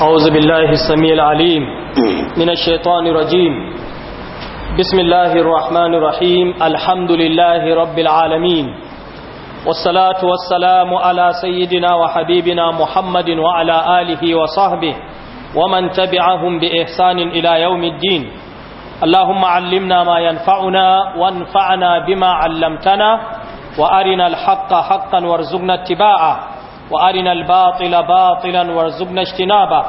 أعوذ بالله السميع العليم من الشيطان الرجيم بسم الله الرحمن الرحيم الحمد لله رب العالمين والصلاة والسلام على سيدنا وحبيبنا محمد وعلى آله وصحبه ومن تبعهم بإحسان إلى يوم الدين اللهم علمنا ما ينفعنا وانفعنا بما علمتنا وأرنا الحق حقا وارزقنا اتباعه وارنا الباطل باطلا وارزقنا اجتنابه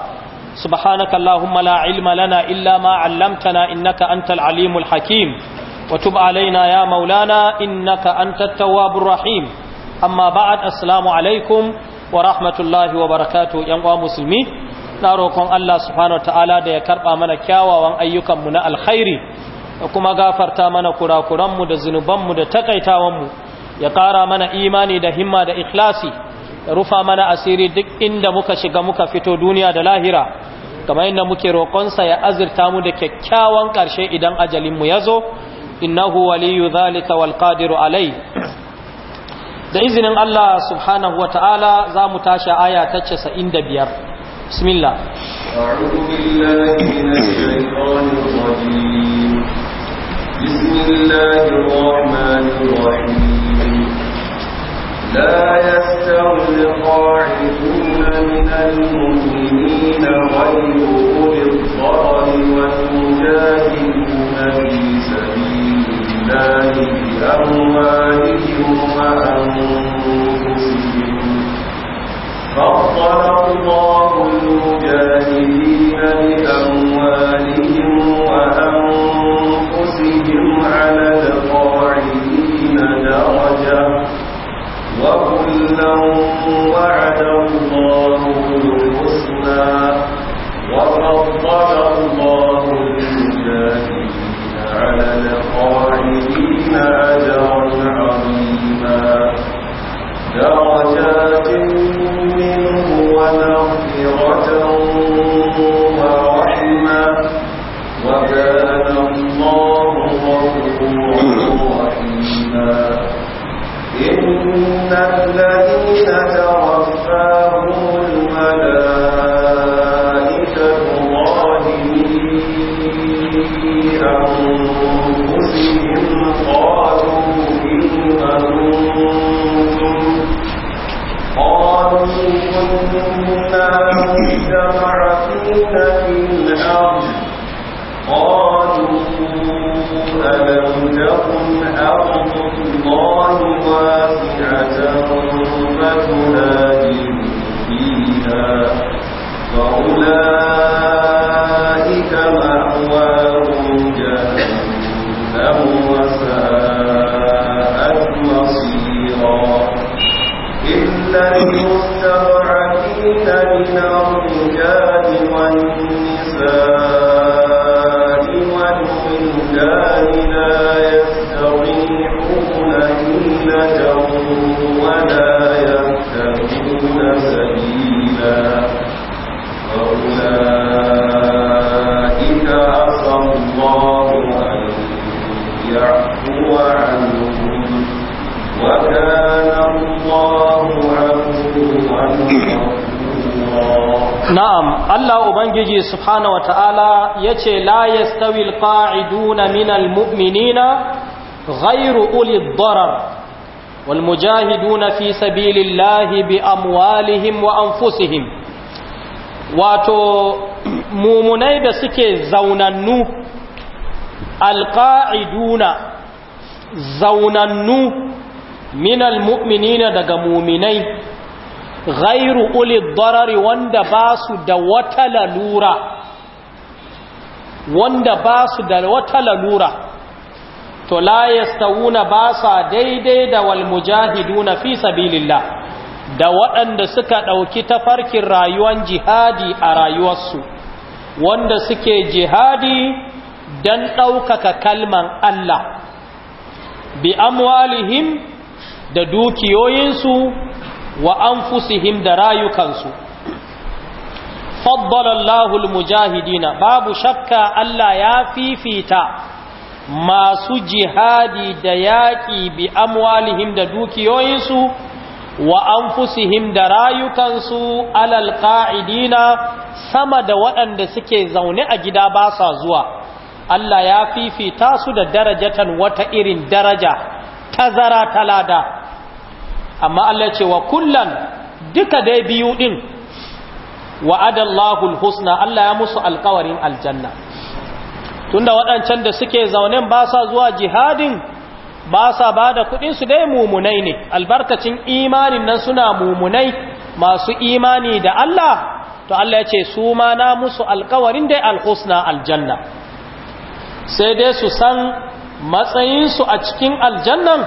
سبحانك اللهم lana illa ma الا ما علمتنا انك Hakim. العليم الحكيم وتب علينا يا مولانا انك انت التواب الرحيم اما بعد السلام عليكم ورحمه الله وبركاته يا مسلمي na roƙon Allah subhanahu wa ta’ala da ya karɓa mana kyawawan ayyukanmu na alkhairi da kuma gafarta mana mu da mu da takaitawanmu ya ƙara mana imani da himma da ikhlasi rufa mana asiri duk inda muka shiga muka fito duniya da lahira kamar inda muke roƙonsa ya azirta mu da kyakkyawan ƙarshe idan ajalinmu ya zo innahu waliyu zalika wal qadiru alai da izinin Allah subhanahu wa ta'ala za mu tashi aya ta 95 bismillah أعوذ بالله من الشيطان الرجيم بسم الله الرحمن لا يستوي القاعدون من المؤمنين غير أولي الضرر والمجاهدون في سبيل الله بأموالهم وأنفسهم فضل الله المجاهدين بأموالهم وأنفسهم على وعدا yace la yastawi alqa'iduna minal mu'minina ghayru uli darar wal fi sabilillahi bi amwalihim wa anfusihim wato mumunai da suke zaunannu alqa'iduna zaunannu minal mu'minina daga muminai ghairu ulid darari wanda ba su da wata lalura wanda ba su da wata lalura to la yastawuna ba sa daidai da wal mujahiduna fi sabilillah da waɗanda suka ɗauki tafarkin rayuwar jihadi a rayuwarsu wanda suke jihadi don ɗaukaka kalman Allah bi amwalihim da dukiyoyinsu wa anfusihim da rayukansu faddalallahu mujahidina babu shakka Allah ya fifita masu jihadi da yaƙi bi amwalihim da dukiyoyinsu wa anfusihim da rayukansu alal qa'idina sama da waɗanda suke zaune a gida ba sa zuwa Allah ya fifita su da darajatan wata irin daraja tazara talada amma Allah ce wa kullan duka dai biyu din wa'adallahu husna Allah ya musu alkawarin aljanna tunda waɗancan da suke zaunen ba sa zuwa jihadin ba sa ba da su dai mumunai ne albarkacin imanin nan suna mumunai masu imani da Allah to Allah ya ce su ma na musu alkawarin dai alhusna aljanna sai dai su san matsayinsu a cikin aljannan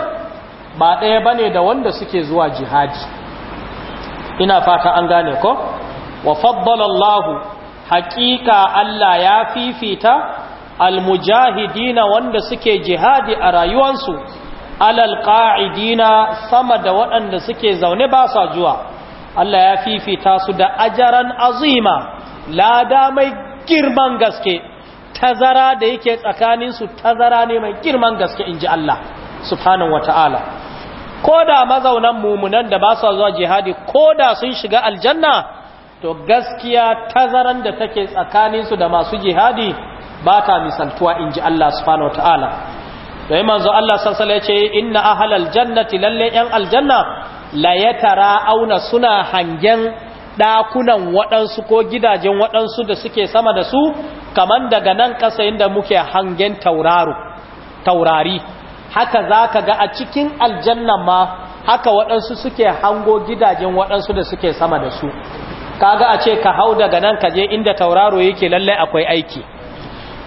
ba ɗaya ba ne da wanda suke zuwa jihadi ina fata an gane ko wa faddalallahu haƙiƙa Allah ya fifita almujahidina wanda suke jihadi a rayuwansu alal sama da waɗanda suke zaune ba sa zuwa Allah ya fifita su da ajaran azima lada mai girman gaske tazara da yake tsakaninsu tazara ne mai girman gaske inji Allah subhanahu Ko koda mazaunan mumunan da ba sa zuwa jihadi ko da sun shiga aljanna to gaskiya tazaran da take tsakaninsu da masu jihadi ba ta misaltuwa in ji Allah subhanahu ta'ala da yi manzo Allah sassala ya ce inna ahalal jannati lalle ‘yan aljanna la ya auna suna hangen ɗakunan waɗansu ko gidajen waɗansu da suke sama da su Kamar daga nan ƙasa inda muke hangen taurari haka za ka ga a cikin aljanna ma haka waɗansu suke hango gidajen waɗansu da suke sama da su kaga a ce ka hau daga nan ka je inda tauraro yake lallai akwai aiki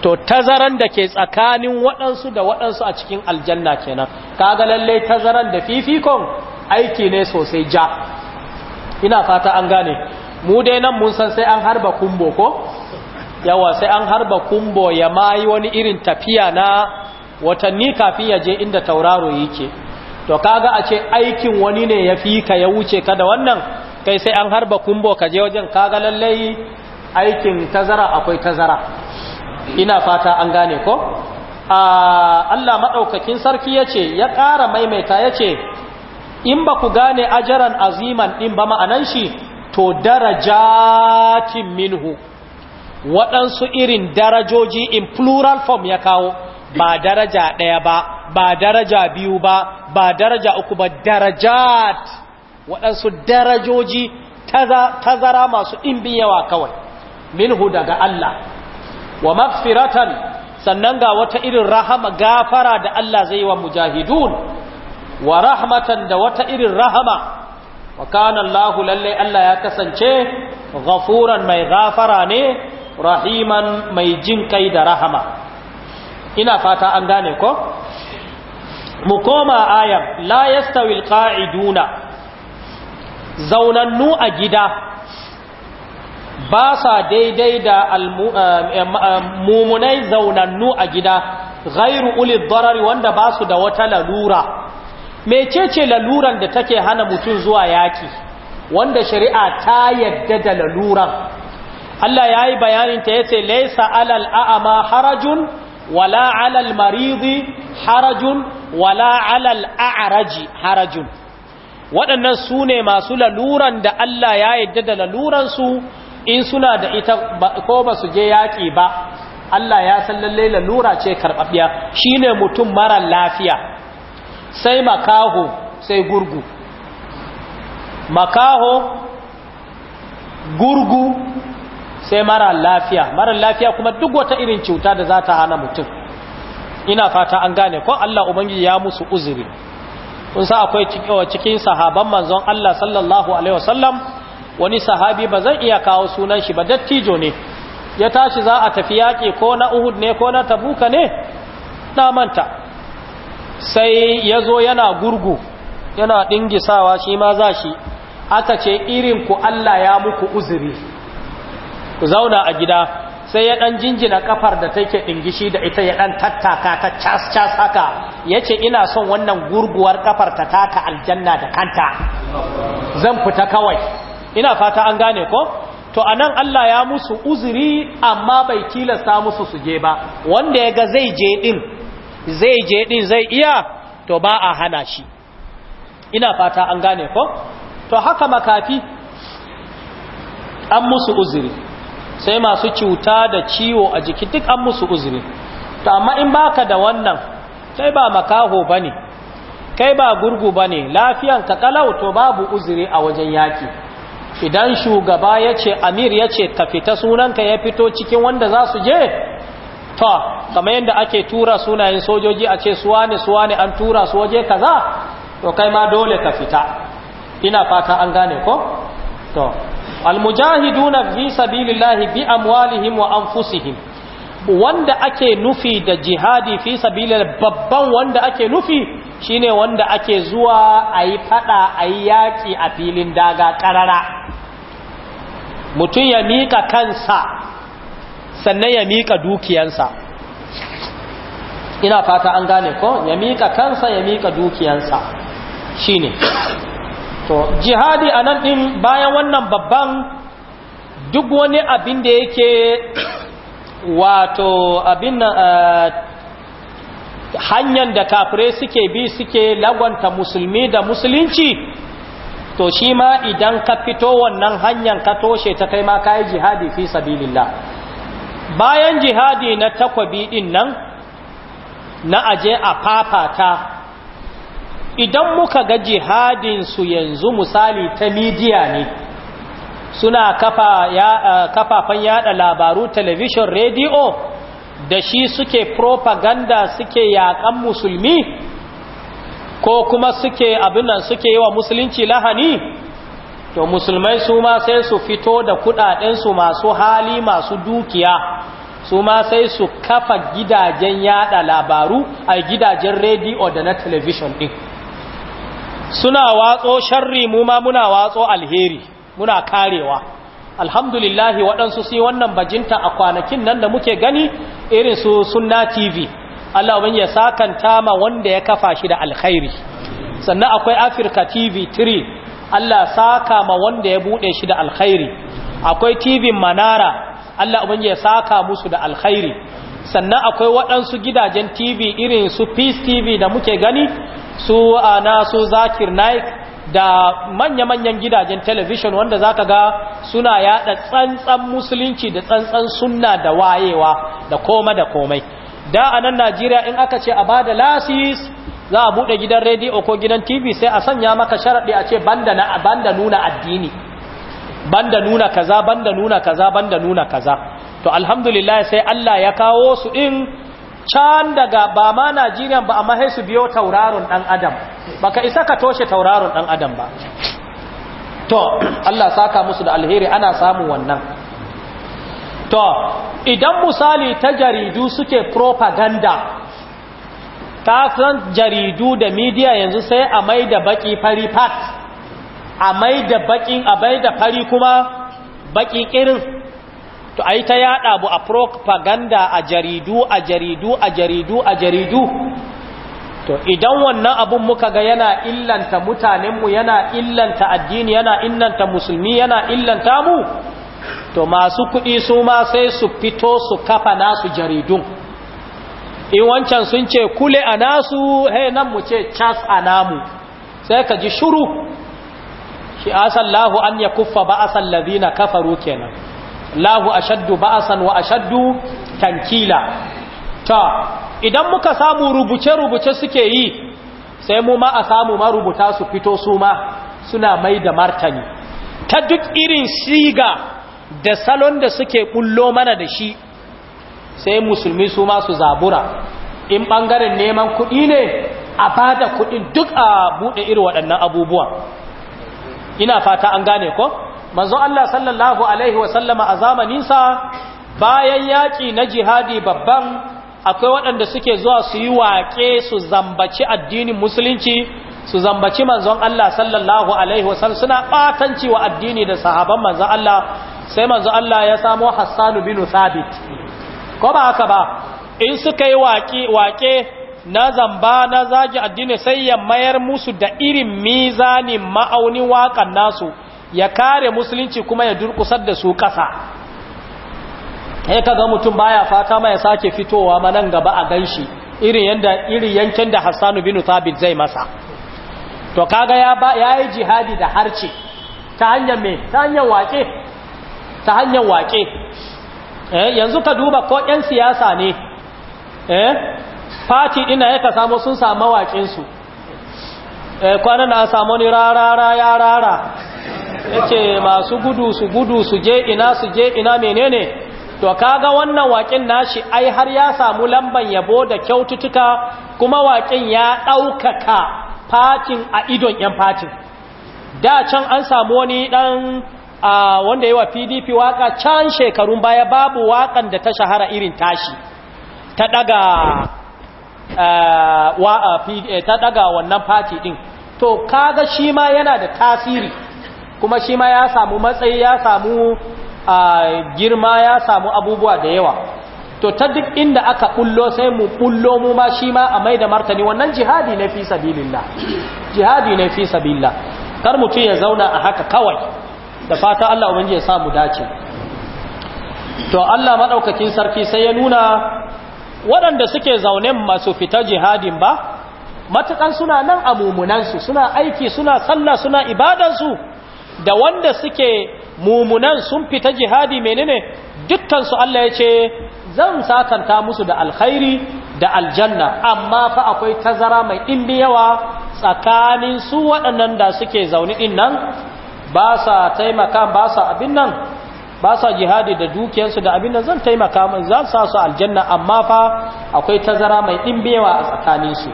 to tazaran da ke tsakanin waɗansu da waɗansu a cikin aljanna kenan kaga lallai tazaran da fifikon aiki ne sosai ja ina fata an gane mu dai nan mun san sai an harba kumbo ko yawa sai an harba kumbo ya mayi wani irin tafiya na watanni kafin ya je inda tauraro yake to kaga a ce aikin wani ne ya fi ka ya wuce ka da wannan kai sai an harba kumbo ka je wajen kaga lallai aikin tazara akwai tazara ina fata an gane ko Allah maɗaukakin sarki ya ce ya ƙara maimaita ya ce in ba ku gane ajaran aziman ɗin ba ma'anan shi to darajatin minhu waɗansu irin darajoji in plural form ya kawo ba daraja ɗaya ba ba daraja biyu ba ba daraja uku ba darajat waɗansu darajoji tazara masu ɗimbin yawa kawai minhu daga Allah wa magfiratan sannan ga wata irin rahama gafara da Allah zai wa mujahidun wa rahmatan da wata irin rahama wa kana Allah lalle Allah ya kasance ghafuran mai gafara ne rahiman mai jin kai da rahama ina fata an gane ko mu koma ayar la yastawil qa'iduna zaunannu a gida ba sa daidai da mumunai eh, eh, eh, zaunannu a gida ghairu ulid darari wanda ba su da wata lalura mecece laluran da take hana mutum zuwa yaki wanda shari'a ta yadda da laluran Allah ya yi bayanin ta ce laisa alal a'ama harajun wala alal maridi harajun wala alal a'raji harajun waɗannan su ne masu laluran da Allah ya yadda da laluransu in suna da ita ko ba su je yaƙi ba Allah ya san lalle lalura ce karɓaɓɓiya shi ne mutum mara lafiya sai makaho sai gurgu makaho gurgu sai mara lafiya mara lafiya kuma duk wata irin cuta da za ta hana mutum ina fata an gane ko Allah Ubangiji ya musu uzuri kun sa akwai cikin sahaban manzon Allah sallallahu alaihi wasallam wani sahabi ba zan iya kawo sunan shi ba dattijo ne ya tashi za a tafi yaƙi ko na Uhud ne ko na Tabuka ne na manta sai ya zo yana gurgu yana dingisawa shi ma za shi aka ce irin ku Allah ya muku uzuri ku zauna a gida sai ya ɗan jinjina ƙafar da take ɗingishi da ita ya ɗan tattaka ta cas-cas haka ya ce ina son wannan gurguwar ƙafar ta taka aljanna da kanta zan fita kawai ina fata an gane ko to a nan Allah ya musu uzuri amma bai tilasta musu su je ba wanda ya ga zai je ɗin zai je ɗin zai iya to ba a hana shi ina fata an gane ko to haka makafi an musu uzuri sai masu cuta da ciwo a jiki duk an musu uzuri to amma in baka da wannan kai ba makaho bane kai ba gurgu bane lafiyan ka kalau to babu uzuri a wajen yaki idan shugaba yace amir yace ka fita sunanka ya fito cikin wanda za su je to kamar yadda ake tura sunayen sojoji a ce suwane suwane an tura su waje kaza to kai ma dole ka fita ina fata an gane ko to almujahiduna fi sabilillahi bi amwalihim wa anfusihim wanda ake nufi da jihadi fi sabilillah babban wanda ake nufi shine wanda ake zuwa ayi fada ayi yaki a filin daga karara mutum ya mika kansa sannan ya mika dukiyansa ina fata an gane ko ya mika kansa ya mika dukiyansa shine to jihadi a nan ɗin bayan wannan babban duk wani abin da yake wato abin eh, hanyar da kafirai suke bi suke lagwanta musulmi da musulunci to shi ma idan ka fito wannan hanyar ka toshe ta kai ma kayi jihadi fi sabilillah bayan jihadi na takwabi din nan na aje a fafata idan muka ga jihadinsu yanzu misali ta midiya ne suna kafa ya, kafafan yada labaru television radio da shi suke propaganda suke yakan musulmi ko kuma suke abinan suke yi wa musulunci lahani to musulmai su ma sai su fito da kudadensu masu hali masu dukiya su ma sai su kafa gidajen yada labaru a gidajen rediyo da na television din suna watso sharri mu ma muna watso alheri muna karewa alhamdulillahi waɗansu sai wannan bajinta a kwanakin nan da muke gani irin su sunna tv Allah ya sakanta ma wanda ya kafa shi da alkhairi sannan akwai africa tv 3 Allah saka ma wanda ya buɗe shi da alkhairi akwai tv manara Allah ya saka musu da alkhairi sannan akwai waɗansu gidajen tv irin su peace tv da muke gani su ana ah, su zakir naik da manya-manyan gidajen television wanda za ka ga suna yada tsantsan musulunci da tsantsan sunna da wayewa da koma da komai da a nan najeriya in aka ce a ba da lasis za a buɗe gidan rediyo ko gidan tv sai a sanya maka sharaɗi a ce banda, banda nuna addini banda nuna kaza banda nuna kaza banda nuna kaza to alhamdulillah sai Allah ya kawo su in can daga ba ma Najeriya ba amma sai su biyo tauraron dan adam baka isa ka toshe tauraron dan adam ba to Allah saka musu da alheri ana samu wannan to idan misali ta jaridu suke propaganda ta san jaridu da media yanzu sai a mai da baki fari pat a mai da bakin a bai da fari kuma baki irin to yi ta yada bu a propaganda a jaridu a jaridu a jaridu a jaridu to idan wannan abun muka ga yana illanta mutanenmu yana illanta addini yana illanta musulmi yana illanta mu to masu kuɗi su ma sai su fito su kafa nasu jaridun in wancan sun ce kule a nasu hey nan mu ce cas a namu sai ka ji shuru shi asallahu an ya kuffa ba asallazina kafaru kenan lahu ashaddu ba'asan wa ashaddu tankila ta idan muka samu rubuce-rubuce suke yi sai mu ma a samu marubuta su fito su ma suna mai da martani ta duk irin shiga da salon da suke bullo mana da shi sai musulmi su ma su zabura in bangaren neman kuɗi ne a bada kuɗi duk a bude iri waɗannan abubuwa, ina fata an gane ko? manzo Allah sallallahu alaihi wasallama a zamaninsa bayan yaƙi na jihadi babban akwai waɗanda suke zuwa su yi waƙe su zambaci addinin musulunci su zambaci manzon Allah sallallahu alaihi wasallam suna ɓatanci wa addini da sahaban manzon Allah sai manzon Allah ya samo Hassanu bin Thabit ko ba haka ba in suka yi waƙe waƙe na zamba na zagi addini sai ya mayar musu da irin mizanin ma'aunin waƙan nasu ya kare musulunci kuma ya durkusar da su ƙasa ya kaga mutum baya fata ma ya sake fitowa ma nan gaba a ganshi irin yanda irin yankin da Hassanu bin Thabit zai masa to kaga ya ba yayi jihadi da harce ta hanyar me ta hanyar wake ta hanyar wake eh yanzu ka duba ko ɗan siyasa ne eh fati din ya ka samu sun samu su eh kwanan na samu ni rarara ya rara yace masu gudu su gudu su je ina su je ina menene to kaga wannan waƙin nashi ai har ya samu lamban yabo da kyaututtuka kuma waƙin ya ɗaukaka fatin a idon 'yan fatin da can an samu wani ɗan wanda yi pdp waƙa can shekarun baya babu waƙan da ta shahara irin tashi ta ɗaga eh, ta ɗaga wannan fati ɗin to kaga shi ma yana da tasiri kuma shi ma ya samu matsayi ya samu girma ya samu abubuwa da yawa to ta duk inda aka bullo sai mu bullo mu ma shi ma a mai da martani wannan jihadi ne fi sabilillah jihadi ne fi sabilillah kar mutum ya zauna a haka kawai da fata Allah ubangiji ya samu dace to Allah madaukakin sarki sai ya nuna waɗanda suke zaune masu fita jihadin ba matukan suna nan a mumunansu suna aiki suna sallah suna ibadansu da wanda suke mumunan sun fita jihadi menene dukkansu Allah ya ce zan sakanta musu da alkhairi da aljanna amma fa akwai tazara mai ɗimbi yawa tsakanin su waɗannan da suke zaune ɗin nan ba sa taimaka ba sa abin nan ba sa jihadi da dukiyarsu da abin nan zan taimaka mai zan sa su aljanna amma fa akwai tazara mai ɗimbi yawa a tsakaninsu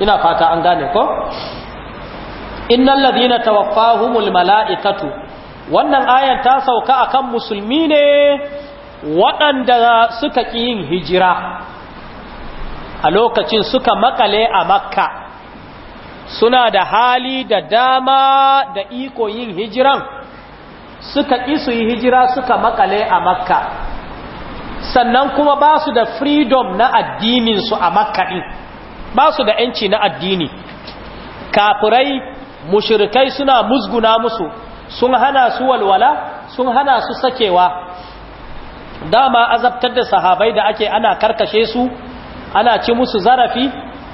ina fata an gane ko innal ladhina tawaffahumul mala'ikatu wannan ayan ta sauka a kan musulmi ne waɗanda suka ƙi yin hijira a lokacin suka makale a makka suna da hali da dama da iko yin hijiran suka ƙi su yi hijira suka makale a makka sannan kuma ba su da freedom na addininsu a makka ɗin ba su da ‘yanci na addini kafirai Mushirikai suna musguna musu sun hana su walwala sun hana su sakewa dama azabtar da sahabai da ake ana karkashe su ana ci musu zarafi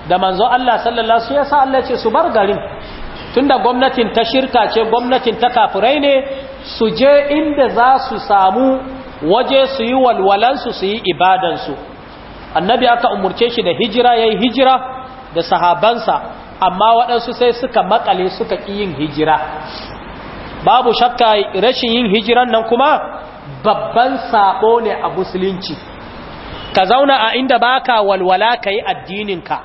da manzo Allah sallallahu alaihi wasallam Allah ce su bar garin tunda gwamnatin ta shirka ce gwamnatin ta kafurai ne su je inda za su samu waje su yi walwalansu su yi ibadansu annabi aka umurce shi da hijira ya yi hijira da sahabansa amma waɗansu sai suka makale suka ƙi yin hijira babu shakka rashin yin hijiran nan kuma babban saɓo ne a musulunci ka zauna a inda baka walwala ka yi addininka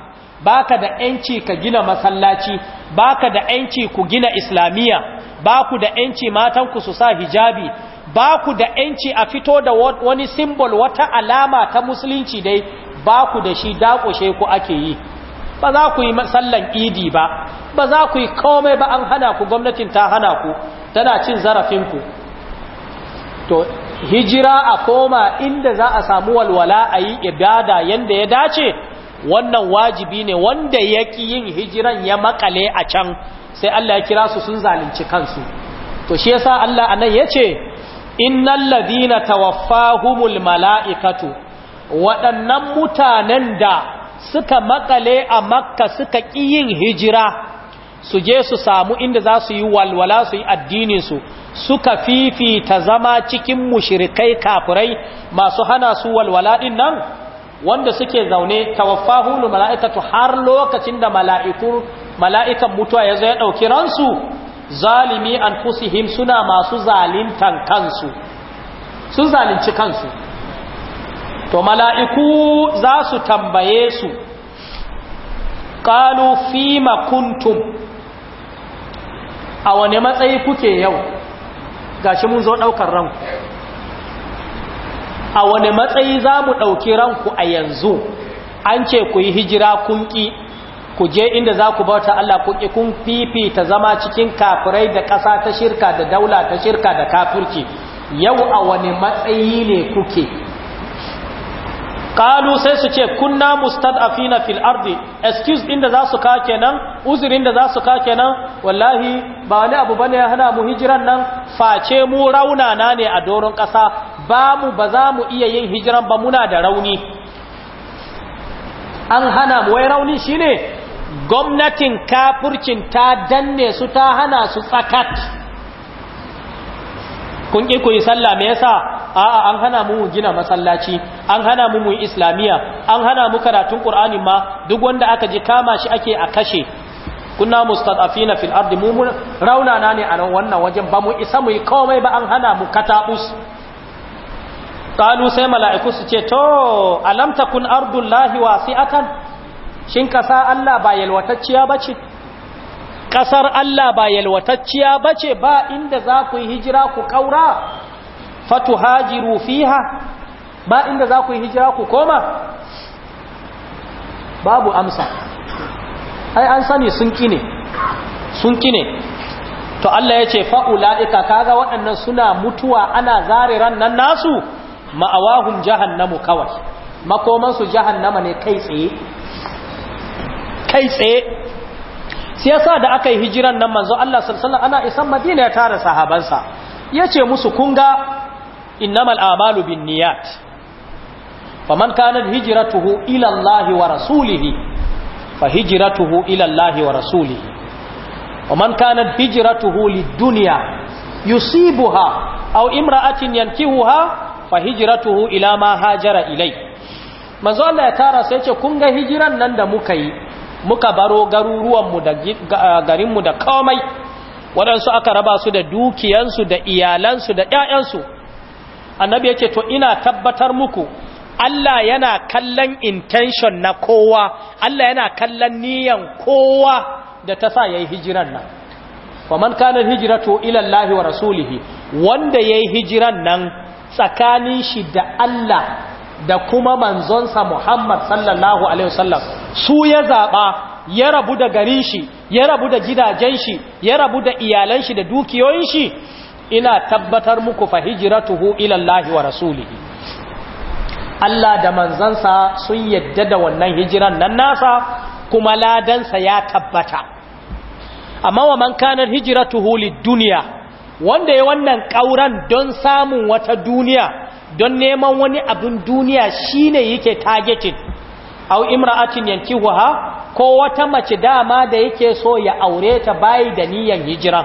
baka da ‘yanci ka gina masallaci baka da ‘yanci ku gina islamiyya baku da ‘yanci matanku su sa hijabi baku da ‘yanci a fito da wani simbol wata alama ta musulunci dai baku da shi dakushe ku ake yi ba za ku yi sallan idi ba ba za ku yi komai ba an hana ku gwamnatin ta hana ku tana cin zarafinku to hijira a koma inda za a samu walwala a yi ibada yadda ya dace wannan wajibi ne wanda ya ki yin hijiran ya makale a can sai Allah ya kira su sun zalunci kansu to shi yasa Allah a nan ya ce innal ladina tawaffahumul mala'ikatu waɗannan mutanen da suka makale a makka suka ƙi yin hijira su je su samu inda za su yi walwala su yi addininsu suka fifita zama cikin mushirikai kafurai masu hana su walwala ɗin nan wanda suke zaune tawaffahulu mala'ikatu har lokacin da mala'ikan mutuwa ya zo ya ɗauki ransu zalimi an suna masu zalintan kansu sun zalunci kansu to mala'iku za su tambaye su ƙalu fi kuntum a wane matsayi kuke yau gashi mun zo ɗaukar ranku a wane matsayi za mu ɗauki ranku a yanzu an ce ku yi hijira kunki ku je inda za ku bauta Allah kunki kun fifita zama cikin kafirai da ƙasa ta shirka da daula ta shirka da kafirki yau a wane matsayi ne kuke qalu sai su ce kunna mustad'afina fil ardi excuse din da zasu ka kenan uzurin da zasu ka kenan wallahi ba wani abu bane ya hana mu hijiran nan face mu raunana ne a doron kasa ba mu ba za mu iya yin hijiran ba muna da rauni an hana mu wai rauni shine gwamnatin kafurcin ta danne su ta hana su tsakat kun ƙi ku yi sallah me yasa a'a an hana mu gina masallaci an hana mu mu islamiya an hana mu karatun qur'ani ma duk wanda aka ji kama shi ake a kashe kunna mustadafina fil ardi mu rauna na ne a wannan wajen ba mu isa mu yi komai ba an hana mu katabus qalu sai mala'iku su ce to alam takun ardullahi wasi'atan shin kasa Allah ba yalwatacciya bace ƙasar Allah ba yalwatacciya ba ce ba inda za ku yi hijira ku ƙaura fatu hajiru fiha ba inda za ku yi hijira ku koma babu amsa ai an sani sun kine sun kine to Allah ya ce fa'ula'ika kaga waɗannan suna mutuwa ana zare ran nasu ma'awahun jahannamu kawai makomansu jahannama ne kai tsaye kai tsaye sai yasa da aka yi hijiran nan manzo Allah sallallahu ana isan Madina ya tara sahabansa yace musu kunga innamal a'malu binniyat faman kanat hijratuhu ila Allah wa rasulih fa hijratuhu ila Allah wa rasulih waman kanat hijratuhu lid yusibuha aw imra'atin yankihuha fa hijratuhu ila ma hajara ilai manzo Allah ya tara sai yace ga hijiran nan da muka yi muka baro garuruwanmu da garinmu da komai waɗansu aka raba su da dukiyansu da iyalansu da ‘ya'yansu annabi yake to ina tabbatar muku Allah yana kallon intention na kowa Allah yana kallon niyan kowa da ta sa ya yi hijiran nan wa man kanar hijiratu ilallahi wa rasulihi wanda ya yi hijiran nan tsakanin shi da Allah da kuma manzonsa Muhammad sallallahu alaihi wasallam su ya zaɓa ya rabu da garin shi ya rabu da gidajen shi ya rabu da iyalan shi da dukiyoyin shi ina tabbatar muku fa hijratuhu ila ilallahi wa rasulihi Allah da manzonsa sun yadda da wannan hijiran nan nasa kuma ladansa ya tabbata amma wa man kana hijratuhu lid-dunya wanda ya wannan kauran don samun wata duniya don neman wani abin duniya shine yake targetin au imra'atin waha ko wata mace dama da yake so ya aure ta bai da niyan hijira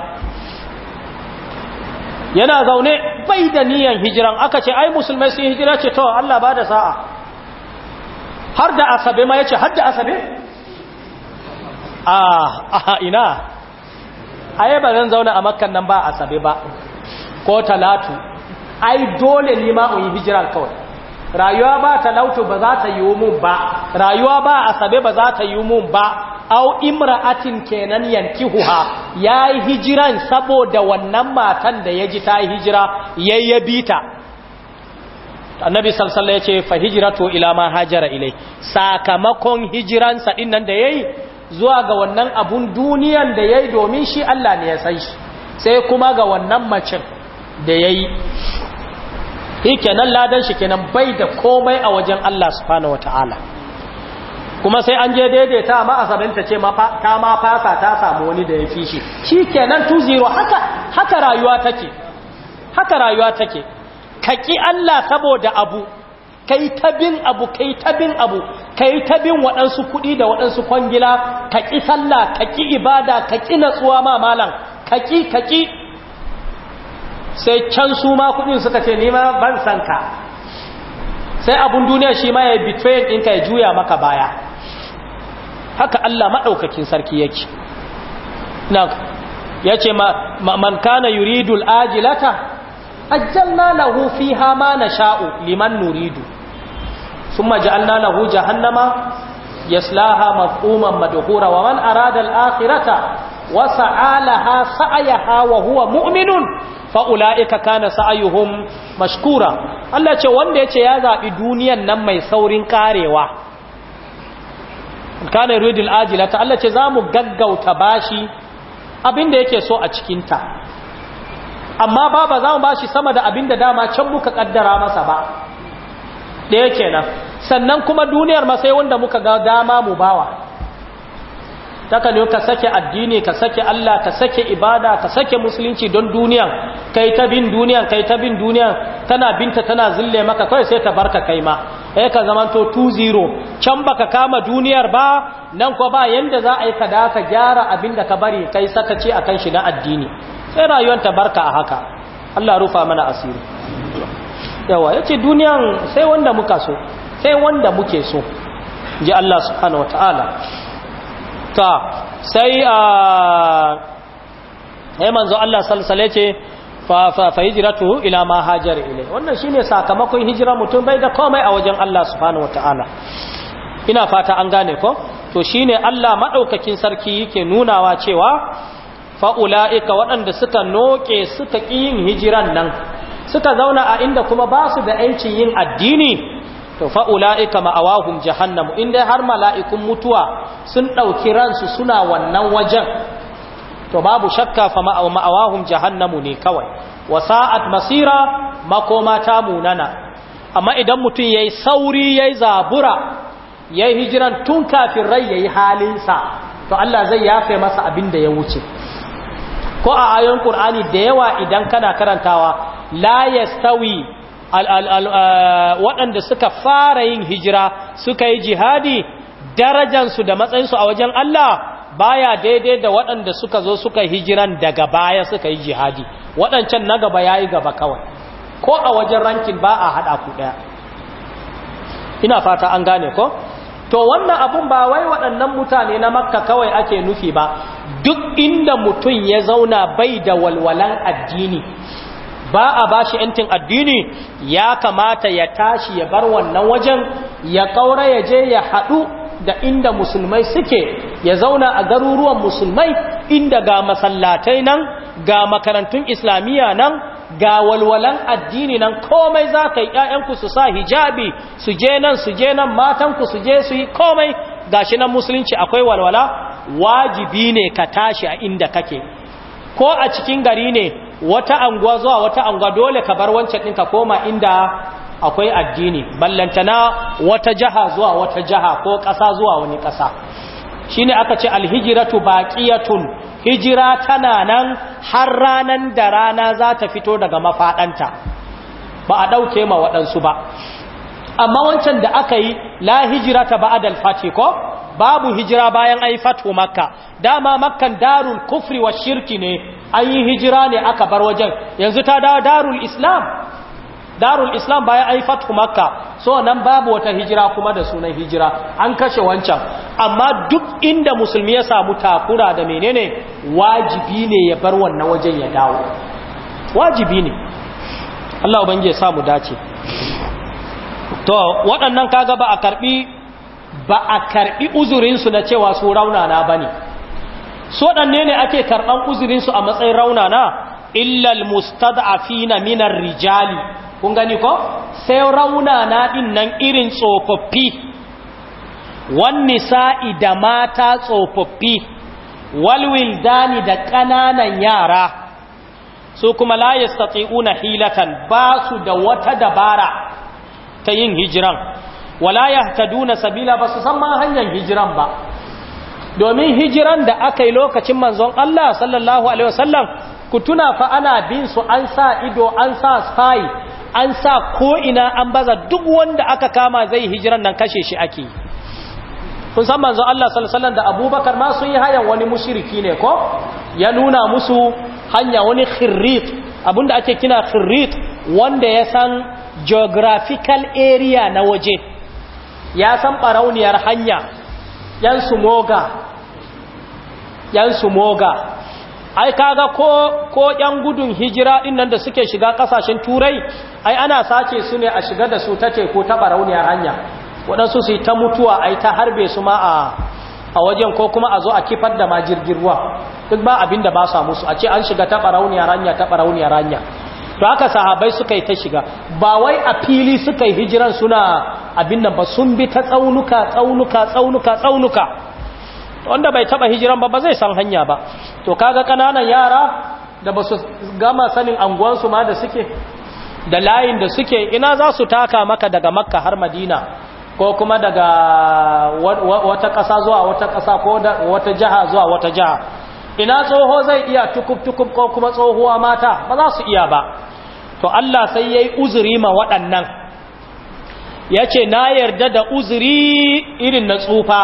yana zaune bai da niyan hijiran aka ce ai musulmai sun hijira ce to Allah ba da sa'a har da asabe ma yace har da asabe a ah, ah, ina aye ba zan zauna a makkan nan ba asabe ba ko talatu ai dole ne ma in yi hijiran kawai rayuwa ba talautu ba za ta yi mun ba rayuwa ba asabe ba za ta yi mun ba au imra'atin kenan yankihuha yayi hijiran saboda wannan matan da yaji ta hijira yayyabi ta annabi sallallahu alaihi wasallam yace fa hijratu ila ma hajara ilai sakamakon hijiran sa nan da yayi zuwa ga wannan abun duniyan da yayi domin shi Allah ne ya san shi sai kuma ga wannan macin da yayi shi kenan ladan shi kenan bai da komai a wajen Allah subhanahu wataala kuma sai an je daidaita ma a ta ce ta ma fasa ta samu wani da ya fi shi shi kenan tu zero haka haka rayuwa take haka rayuwa take ka Allah saboda abu kai ta bin abu kai ta bin abu kai ta bin waɗansu kuɗi da waɗansu kwangila ka sallah ka ibada kaki natsuwa ma malam kaki kaki sai can su ma kudin suka ce nima ban san ka sai abun duniya shi ma ya betrayin ɗinka ya juya maka baya haka Allah maɗaukakin sarki yake ya ce man kana yuridul ajilata ajjalna lahu fiha ma nasha'u liman nuridu thumma ja'alna lahu jahannama yaslaha madhuman madhura wa man arada al-akhirata wasa'alaha sa'alaha sa'ayaha wa huwa mu'minun fa'ula'ika kana sa'ayuhum mashkura Allah ce wanda ya ce ya zaɓi duniyan nan mai saurin karewa kana ajila. ajilata Allah ce za mu gaggauta bashi abinda yake so a cikinta amma ba ba za mu bashi sama da abinda dama can muka kaddara masa ba ɗaya kenan sannan kuma duniyar masai wanda muka ga dama mu bawa saka ne ka sake addini ka sake Allah ka sake ibada ka sake musulunci don duniya. kai ta bin duniyan kai ta bin duniyan tana binta tana zille maka kai sai ta barka kai ma eh ka zamanto 20 can baka kama duniyar ba nan ko ba yanda za a yi ka ka gyara abinda ka bari kai sakaci akan shi na addini sai rayuwar ta barka a haka Allah rufa mana asiri yawa yace duniyan sai wanda muka so sai wanda muke so ji Allah subhanahu wataala ta sai a ya manzo Allah salsale ce fa hijiratu ila ma hajar ile wannan shine sakamakon hijira mutum bai da komai a wajen Allah subhanahu wataala ina fata an gane ko to shine Allah madaukakin sarki yake nunawa cewa fa ulaika waɗanda suka noke suka ƙi yin hijiran nan suka zauna a inda kuma ba su da 'yancin yin addini to fa'ula'ika ma'awahum jahannamu inda har mala'ikun mutuwa sun ɗauki ransu suna wannan wajen to babu shakka fa ma'awahum jahannamu ne kawai wa sa'at masira makoma ta munana amma idan mutum yayi sauri yayi zabura yayi hijiran tun kafin rai yayi halinsa to Allah zai yafe masa abin da ya wuce ko a ayon ƙur'ani da yawa idan kana karantawa la yastawi Uh, waɗanda suka fara yin hijira suka yi jihadi darajansu da matsayinsu a wajen Allah baya daidai da waɗanda suka zo suka hijiran daga baya suka yi jihadi waɗancan na gaba ya yi gaba kawai ko a wajen rankin ba a haɗa ku ɗaya ina fata an gane ko to wannan abun ba wai waɗannan mutane na makka kawai ake nufi ba duk inda mutum ya zauna bai da walwalan addini ba a bashi ‘yancin addini ya kamata ya tashi ya bar wannan wajen ya ƙaura ya je ya haɗu da inda musulmai suke ya zauna a garuruwan musulmai inda ga masallatai nan ga makarantun islamiyya nan ga walwalan addini nan komai za ka yi ‘ya'yanku su sa hijabi su je nan su je nan matanku su je su yi komai Ga shi nan musulunci akwai walwala wajibi ne ka tashi a inda kake ko a cikin gari ne wata anguwa zuwa wata anguwa dole ka bar wancan ɗin ka koma inda akwai addini ballantana wata jaha zuwa wata jaha ko ƙasa zuwa wani ƙasa shine aka ce alhijiratu baqiyatun hijira tana nan har ranan da rana za ta fito daga mafaɗanta ba a ɗauke ma waɗansu ba amma wancan da aka yi la hijrata ba'dal fati babu hijira bayan ai fatu makka dama makkan darul kufri wa shirki ne an yi hijira ne aka bar wajen yanzu ta da darul islam darul islam bayan ai fatu makka so nan babu wata hijira kuma da sunan hijira an kashe wancan amma duk inda musulmi ya samu takura da menene wajibi ne ya bar wannan wajen ya dawo wajibi ne Allah ubangiye ya samu dace to waɗannan kaga ba a karbi ba a karbi uzurinsu na cewa su raunana ba ne so ɗanne ne ake karɓan uzurinsu a matsayin raunana illal mustad'afina minar rijali kun gani ko sai raunana din nan irin tsofaffi wan nisa'i da mata tsofaffi wal wildani da ƙananan yara su kuma la yastati'una hilatan ba su da wata dabara ta yin hijiran wala duna sabila ba su san ma hanyar hijiran ba domin hijiran da aka yi lokacin manzon Allah sallallahu alaihi wasallam ku tuna fa ana bin su an sa ido an sa spy an sa ko ina an baza duk wanda aka kama zai hijiran nan kashe shi ake kun san manzon Allah sallallahu da Abubakar ma sun yi hayan wani mushiriki ne ko ya nuna musu hanya wani khirrit abinda ake kina khirrit wanda ya san geographical area na waje ya san barauniyar hanya yan su moga yan su moga ai kaga ko ko yan gudun hijira din da suke shiga kasashen turai ai ana sace su ne a shiga da su ta teku ta barauniyar hanya waɗansu su ta mutuwa ai ta harbe su ma a a wajen ko kuma a zo a kifar da ma ruwa duk ba abin da ba sa musu a ce an shiga ta barauniyar hanya ta barauniyar hanya to haka sahabai suka yi ta shiga ba wai a fili suka yi hijiran suna abin nan ba sun bi ta tsaunuka tsaunuka tsaunuka tsaunuka wanda bai taba hijiran ba ba zai san hanya ba to kaga kananan yara da ba su gama sanin anguwansu ma da suke da layin da suke ina za su taka maka daga makka har madina ko kuma daga wata ƙasa zuwa wata ƙasa ko wata jiha zuwa wata jiha ina tsoho zai iya tukub-tukub ko kuma tsohuwa mata ba za su iya ba to Allah sai ya yi uzuri ma waɗannan ya ce na yarda da uzuri irin na tsufa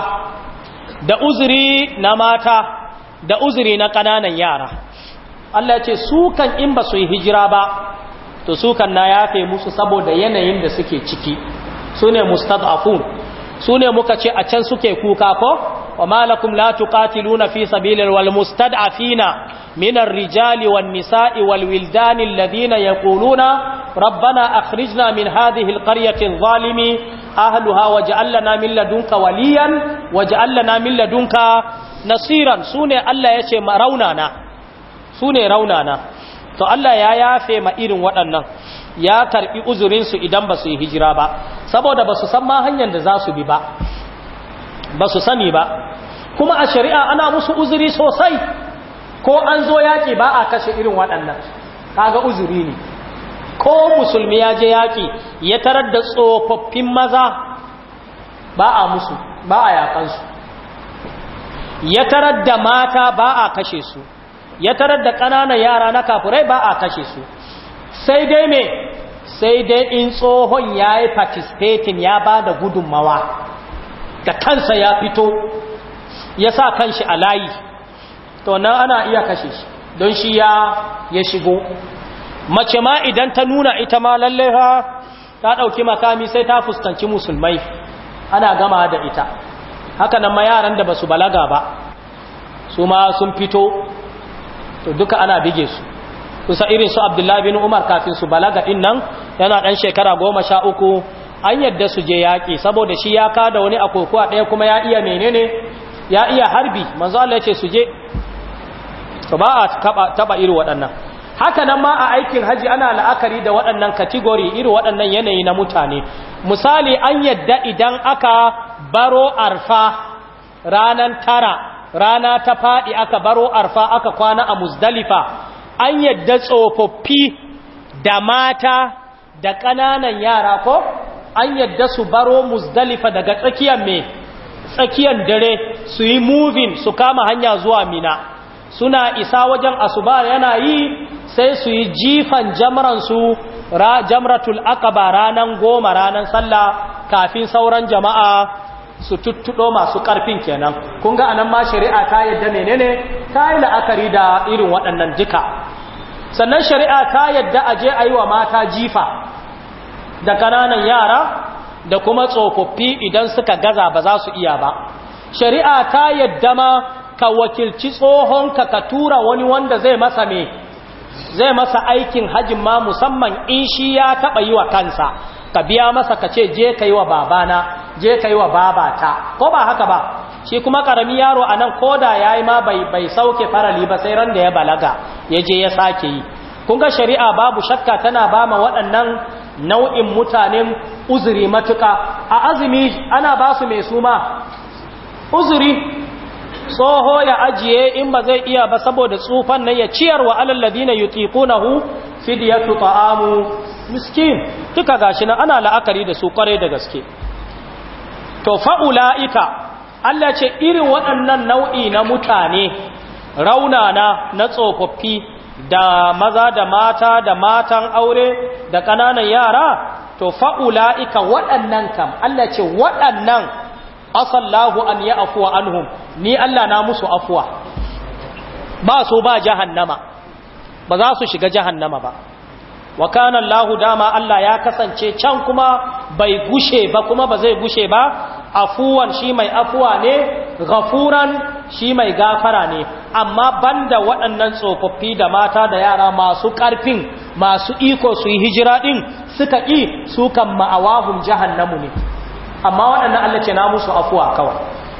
da uzuri na mata da uzuri na ƙananan yara Allah ya ce kan in ba su yi hijira ba to sukan na yafe musu saboda yanayin da suke ciki su ne mustad'afun su ne muka ce a can suke kuka ko wa malakum la tuqatiluna fi sabilil wal mustad'afina minar rijali wan nisa'i wal wildani alladhina yaquluna rabbana akhrijna min hadhihi al qaryati adh-dhalimi ahliha waj'al lana min ladunka waliyan waj'al lana min ladunka nasiran sune Allah yace maraunana sune raunana to Allah ya yafe ma irin waɗannan ya karbi uzurinsu idan ba su yi hijira ba saboda ba su san ma hanyar da za su bi ba ba su sani ba kuma a shari'a ana musu uzuri sosai ko an zo yaƙi ba a kashe irin waɗannan kaga uzuri ne ko musulmi ya je yaƙi ya tarar da tsofaffin maza ba a musu ba a yaƙansu ya tarar da mata ba a kashe su ya tarar da ƙananan yara na kafurai ba a kashe su sai dai me sai dai in tsohon ya yi participating ya ba da gudunmawa da kansa ya fito ya sa kanshi a layi to nan ana iya kashe shi don shi ya ya shigo mace ma idan ta nuna ita ma lalle ha ta ɗauki makami sai ta fuskanci musulmai ana gama da ita haka nan ma yaran da ba su balaga ba su ma sun fito to duka ana bige su kusa irin su abdullahi bin umar kafin su balaga din nan yana dan shekara goma sha uku an yadda su je yaƙi saboda shi ya kada wani a kokowa ɗaya kuma ya iya menene ya iya harbi manzo Allah ya ce su je to ba a taba irin waɗannan haka nan ma a aikin haji ana la'akari da waɗannan kategori irin waɗannan yanayi na mutane misali an yadda idan aka baro arfa ranan tara rana ta faɗi aka baro arfa aka kwana a muzdalifa an yadda tsofaffi da mata da ƙananan yara ko an yadda su baro musdalifa daga tsakiyar me tsakiyar dare su yi moving su kama hanya zuwa mina suna isa wajen asuba yana yi sai su yi jifan jamransu ra jamratul aqaba ranan goma ranan sallah kafin sauran jama'a su tuttuɗo masu ƙarfin kenan kun ga anan ma shari'a ta yadda menene ta yi la'akari da irin waɗannan duka sannan shari'a ta yadda a je a yi wa mata jifa da ƙananan yara da kuma tsofaffi idan suka gaza ba za su iya ba shari'a ta yadda ma ka wakilci tsohonka ka tura wani wanda zai masa me zai masa aikin hajin ma musamman in shi ya taɓa yi wa kansa ka biya masa ka ce je ka yi wa babana je ka yi wa babata ko ba haka ba shi kuma karami yaro a nan koda ya yi ma bai sauke farali ba sai ran da ya balaga ya je ya sake yi kun ga shari'a babu shakka tana ba ma waɗannan nau'in mutanen uzuri matuka a azumi ana ba su mai suma uzuri tsoho ya ajiye in ba zai iya ba saboda tsufan nan ya ciyar wa alalladina yutiqunahu fidyatu ta'amu miskin duka gashi nan ana la'akari da su kwarai da gaske to fa'ula'ika Allah ce irin waɗannan nau'i na mutane raunana na tsofaffi da maza da mata da matan aure da ƙananan yara to fa'ula'ika waɗannan kam Allah ce waɗannan asallahu an yi afuwa anhum ni Allah na musu afuwa ba su ba jahannama ba za su shiga jahannama ba wa lahu dama Allah ya kasance can kuma bai gushe ba kuma ba zai gushe ba afuwan shi mai afuwa ne gafuran shi mai gafara ne amma banda waɗannan tsofaffi da mata da yara masu ƙarfin masu iko su yi hijira ɗin suka ƙi su kan ma'awahun jahannamu ne amma waɗannan Allah ce na musu afuwa kawai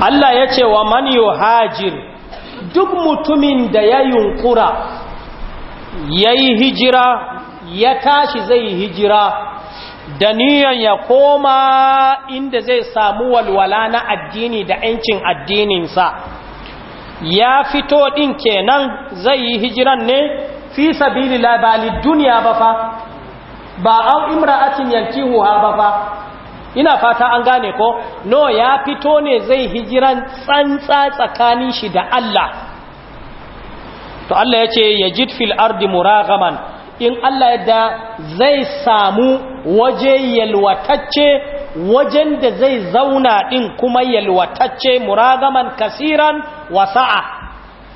Allah ya ce wa man hajir duk mutumin da ya yunkura ya yi hijira ya tashi zai yi hijira da niyan ya koma inda zai samu walwala na addini da 'yancin addininsa ya fito din kenan zai yi hijiran ne fi sabili labali duniya ba fa ba an imra'atin yankihuha ba fa ina fata an gane ko no ya fito ne zai hijiran tsantsa tsakanin shi da Allah to Allah ya ce ya fil ardi muragaman in Allah yadda zai samu waje yalwatacce wajen da zai zauna ɗin kuma yalwatacce muragaman kasiran wasa'a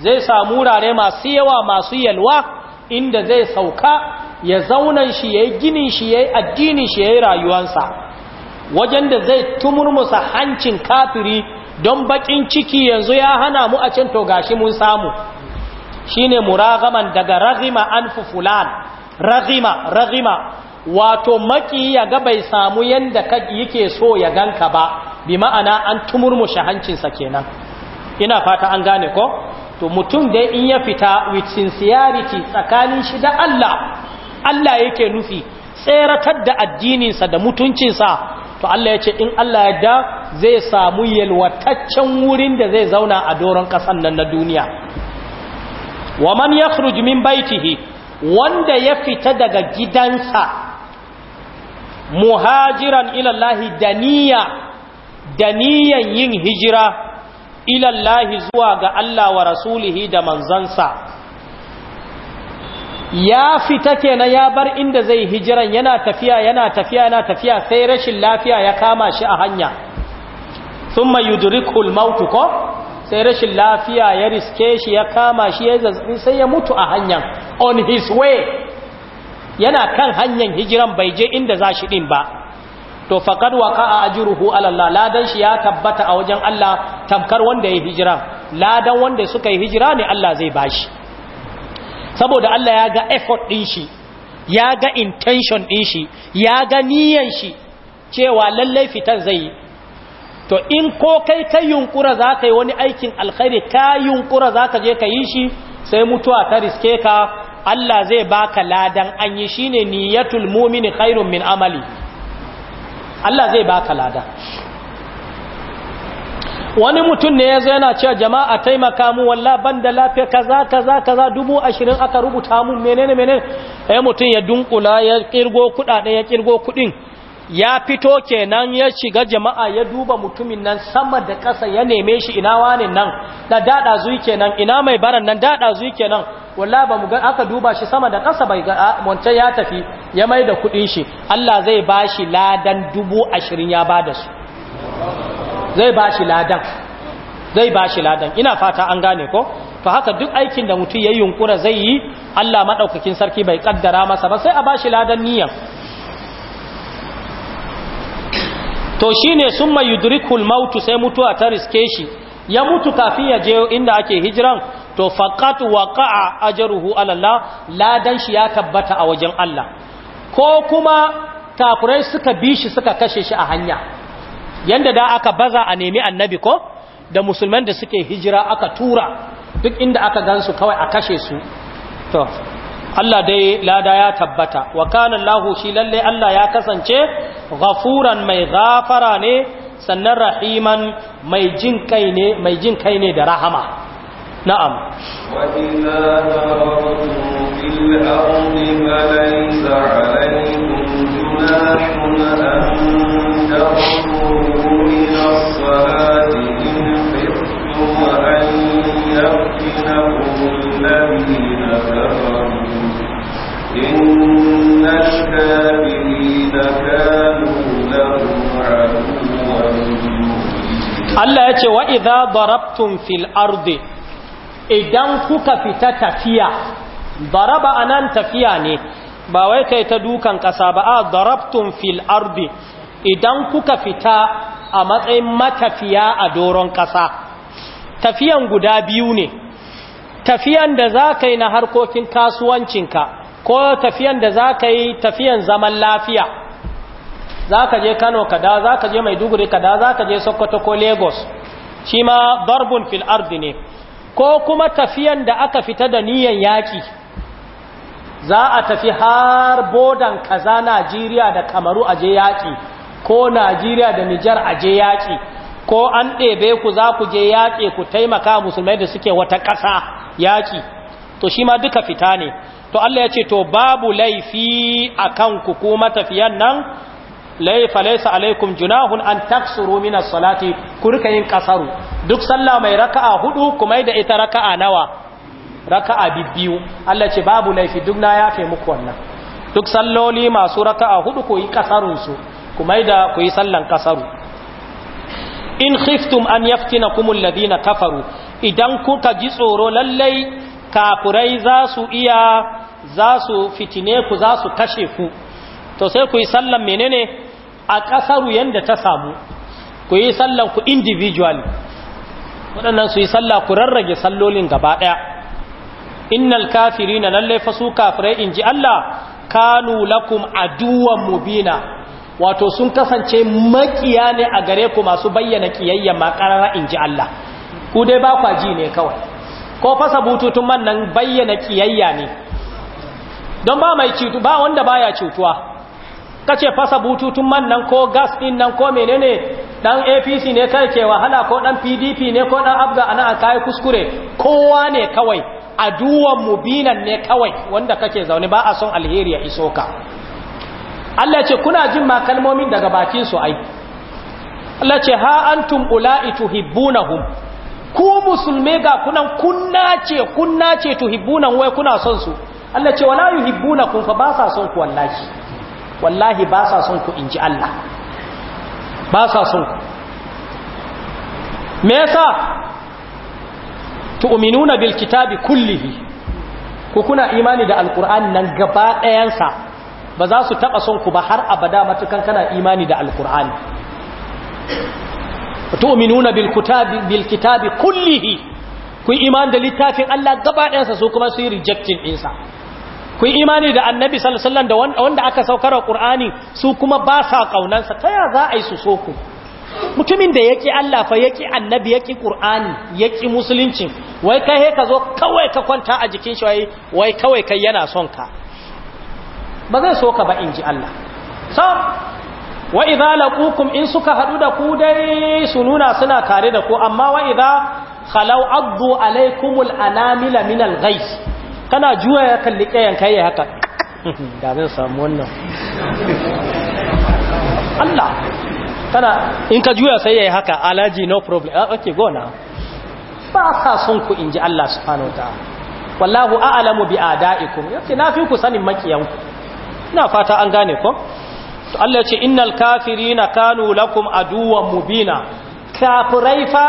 zai samu wurare masu yawa masu yalwa inda zai sauka ya zaunan shi ya yi ginin shi ya yi addinin shi ya yi rayuwansa wajen da zai tumurmusa hancin kafiri don bakin ciki yanzu ya hana mu a can to gashi mun samu shine muragaman daga ragima an fufulan ragima ragima wato maki ya ga bai samu yanda yake so ya ganka ba bi ma'ana an tumurmushe hancinsa kenan ina fata an gane ko to mutum dai in ya fita with sincerity tsakanin shi da Allah Allah yake nufi tseratar da addininsa da mutuncinsa to Allah ya ce in Allah ya da zai samu yalwataccen wurin da zai zauna a doron ƙasan nan na duniya wa man yakhruj min baitihi wanda ya fita daga gidansa muhajiran ilallahi daniya daniyan yin hijira ilallahi zuwa ga Allah wa rasulihi da manzansa ya fita kenan ya bar inda zai hijiran yana tafiya yana tafiya yana tafiya sai rashin lafiya ya kama shi a hanya thumma yudrikul mautu ko sai rashin lafiya ya riske shi ya kama shi ya zazzabi sai ya mutu a hanyar on his way yana kan hanyar hijiran bai je inda za shi ɗin ba to faƙad waka a ajiruhu alallah ladan shi ya tabbata a wajen Allah tamkar wanda ya hijira ladan wanda suka yi hijira ne Allah zai bashi saboda Allah ya ga effort ɗin shi ya ga intention ɗin shi ya ga niyan shi cewa lallai fitan zai yi to in ko kai ka yunkura za ka yi wani aikin alkhairi ka yunkura za ka je ka yi shi sai mutuwa ta riske ka Allah zai baka ladan an yi shine niyyatul mu'mini khairum min amali Allah zai baka lada wani mutum ne yazo yana cewa jama'a taimaka mu walla banda lafiya kaza kaza kaza dubu ashirin aka rubuta mun menene menene ya eh, mutum ya dunkula ya kirgo kudaden ya kirgo kudin ya fito kenan ya shiga jama'a ya duba mutumin nan sama da kasa ya neme shi ina wane nan da dada zuyi kenan ina mai baran nan dada zuyi kenan Walla ba mu ga aka duba shi sama da ƙasa bai ga wancan ya tafi ya mai da kuɗin shi Allah zai ba shi ladan dubu ashirin ya ba da su zai ba shi ladan zai ba shi ladan ina fata an gane ko to haka duk aikin da mutum ya yunkura zai yi Allah maɗaukakin sarki bai ƙaddara masa ba sai a ba shi ladan niyan to shine summa yudrikul mautu sai mutuwa ta riske shi ya mutu kafin ya je inda ake hijiran to faqat waqa'a ajruhu ala Allah ladan shi ya tabbata a wajen Allah ko kuma kafirai suka bi shi suka kashe shi a hanya yanda da aka baza a nemi annabi ko da musulman da suke hijira aka tura duk inda aka gansu kawai a kashe su to Allah dai lada ya tabbata wa kana Allah shi lalle Allah ya kasance ghafuran mai ghafara ne sannan rahiman mai jin kai ne mai jin kai ne da rahama نعم وإذا ضربتم في الأرض فليس عليكم جناح أن تغفروا من الصلاة إن حفظتم أن يفتنكم الذين كفروا إن الكافرين كانوا لهم عدوا Allah ya وإذا ضربتم في الأرض idan kuka fita tafiya daraba anan tafiya ne ba wai kai ta dukan ƙasa ba a darabtum fil ardi idan kuka fita a matsayin matafiya a doron ƙasa tafiyan guda biyu ne tafiyan da za ka yi na harkokin kasuwancinka ko tafiyan da za ka yi tafiyan zaman lafiya za ka je kano kada za ka je maiduguri kada za ka je sokoto ko lagos shi ma darbun fil ardi ne ko kuma tafiyan da aka fita da niyan yaƙi za a tafi har bodan kaza Najeriya da Kamaru aje yaƙi ko Najeriya da Nijar aje yaƙi ko an ɗebe ku za ku je yaƙi ku taimaka musulmai da suke wata ƙasa yaƙi to shi ma duka fita ne to Allah ya ce to babu laifi a kanku ko matafiyan nan laifalaisa alaikum junahun an taksuru minas salati ku yin kasaru duk sallah mai raka'a hudu kuma da ita raka'a nawa raka'a bibbiyu Allah ce babu laifi duk na yafe muku wannan duk salloli masu raka'a hudu ku yi kasarun su kuma da ku yi sallan kasaru in khiftum an yaftina yaftinakumul ladina kafaru idan kuka ji tsoro lallai kafurai za su iya za su fitine ku za su kashe ku to sai ku yi sallan menene a ƙasaru yadda ta samu ku yi sallan ku individual waɗannan su yi salla ku rarrage sallolin gaba ɗaya innal kafiri na lallai fa su kafirai in ji Allah kanu lakum aduwan mubina wato sun kasance makiya ne a gare ku masu bayyana kiyayya makarara in ji Allah ku dai ba kwaji ne kawai ko fasa bututun man nan bayyana kiyayya ne don ba mai cutu ba wanda baya cutuwa ka ce fasa bututun man nan ko gas ɗin nan ko menene ɗan apc ne kai ke wahala ko ɗan pdp ne ko ɗan abga ana a kayi kuskure kowa ne kawai aduwan mubinan ne kawai wanda kake zaune ba a son alheri ya iso ka Allah ce kuna jin ma kalmomin daga bakin su ai Allah ce ha antum ula'i tuhibbunahum ku musulme ga kunan kunna ce kunna ce tuhibbunan wai kuna son su Allah ce wala yuhibbunakum fa ba sa son ku wallahi wallahi ba sa son ku in ji Allah ba sa son ku me yasa tu'minuna bil kitabi kullihi ku kuna imani da alqur'ani nan gaba ɗayansa ba za su taba son ku ba har abada matukan kana imani da alqur'ani tu'minuna bil kitabi bil kitabi kullihi ku imani da littafin Allah gaba ɗayansa su kuma su yi rejecting ɗinsa Kuyi imani da annabi sallallahu da wanda aka saukar qur'ani su kuma ba sa kaunansa ta za a yi su so ku mutumin da yake Allah fa yake annabi yake qur'ani yake musulunci wai kai he ka zo kawai ka kwanta a jikin shi wai wai kawai kai yana son ka ba zai so ka ba inji Allah so wa idza laqukum in suka hadu da ku dai su nuna suna tare da ku amma wa idza khalau addu alaikumul anamila minal gais. kana juwa ya kalli ƙayan kai ya haka da zai samu wannan Allah kana in ka juya sai ya yi haka alaji no problem ah, ok go na ba sa sun ku in ji Allah su wa ta'ala wallahu a'lamu bi ada'ikum Yake na fi ku sanin makiyanku ina fata an gane ku. to Allah yace innal kafirina kanu lakum aduwwan mubina kafirai fa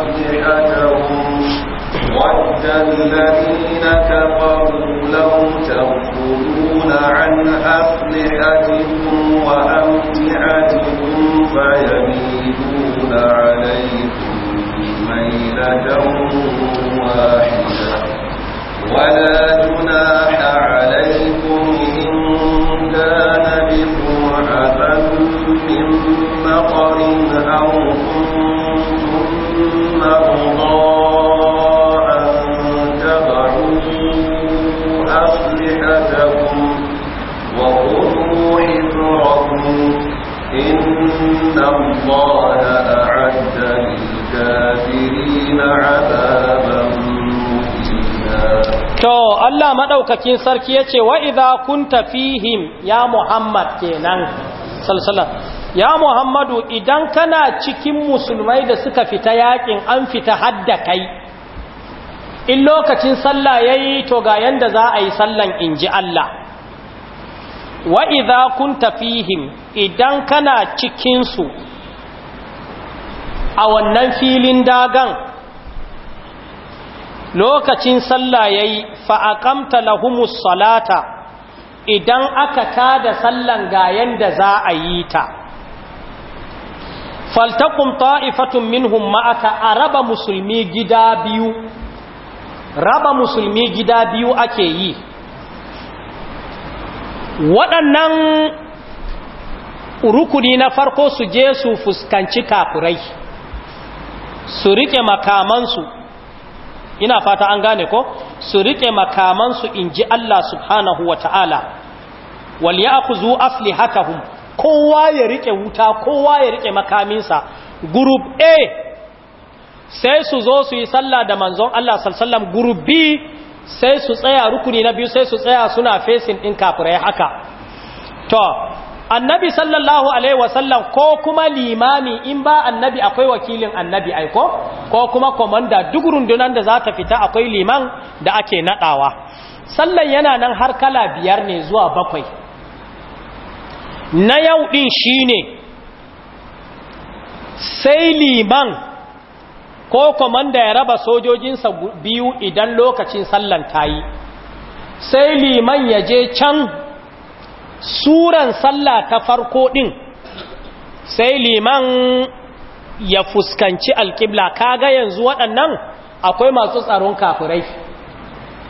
ود الذين كفروا لو تغفلون عن أسلحتكم وأمتعتكم فيميلون عليكم ميلة واحدة ولا جناح عليكم إن كان بكم عذب من مطر أو كنتم مرضى صلاتكم وخذوا حذركم إن الله أعد للكافرين عذابا To Allah maɗaukakin sarki ya ce, Wa'iza kun tafihim ya ya Muhammadu idan kana cikin musulmai da suka fita yakin an fita hadda kai in lokacin sallah yayi to ga yanda za a yi sallan inji Allah wa'iza kun tafihim idan kana cikin su a wannan filin dagan lokacin sallah yayi fa aqamta lahumus salata idan aka tada sallan ga yanda za a yi ta faltaqum ta'ifatun minhum ma'aka araba musulmi gida biyu raba musulmi gida biyu ake yi waɗannan rukuni na farko su je su fuskanci kafurai su riƙe makamansu ina fata an gane ko su riƙe makamansu in ji Allah subhanahu wa ta'ala wal ya ku zuwa kowa ya riƙe wuta kowa ya riƙe makaminsa group a sai su zo su yi sallah da manzon Allah sallallahu gurbi sai su tsaya rukuni na biyu sai su tsaya suna facing din kafirai haka to annabi sallallahu alaihi wasallam ko kuma limami in ba annabi akwai wakilin annabi aiko ko kuma komanda duk rundunar da za ta fita akwai liman da ake nadawa sallan yana nan har kala biyar ne zuwa bakwai na yau din shine sai liman ko komanda ya raba sojojinsa biyu idan lokacin sallan yi sai liman ya je can suran salla ta farko din sai liman ya fuskanci alƙibla kaga yanzu waɗannan akwai masu tsaron kafirai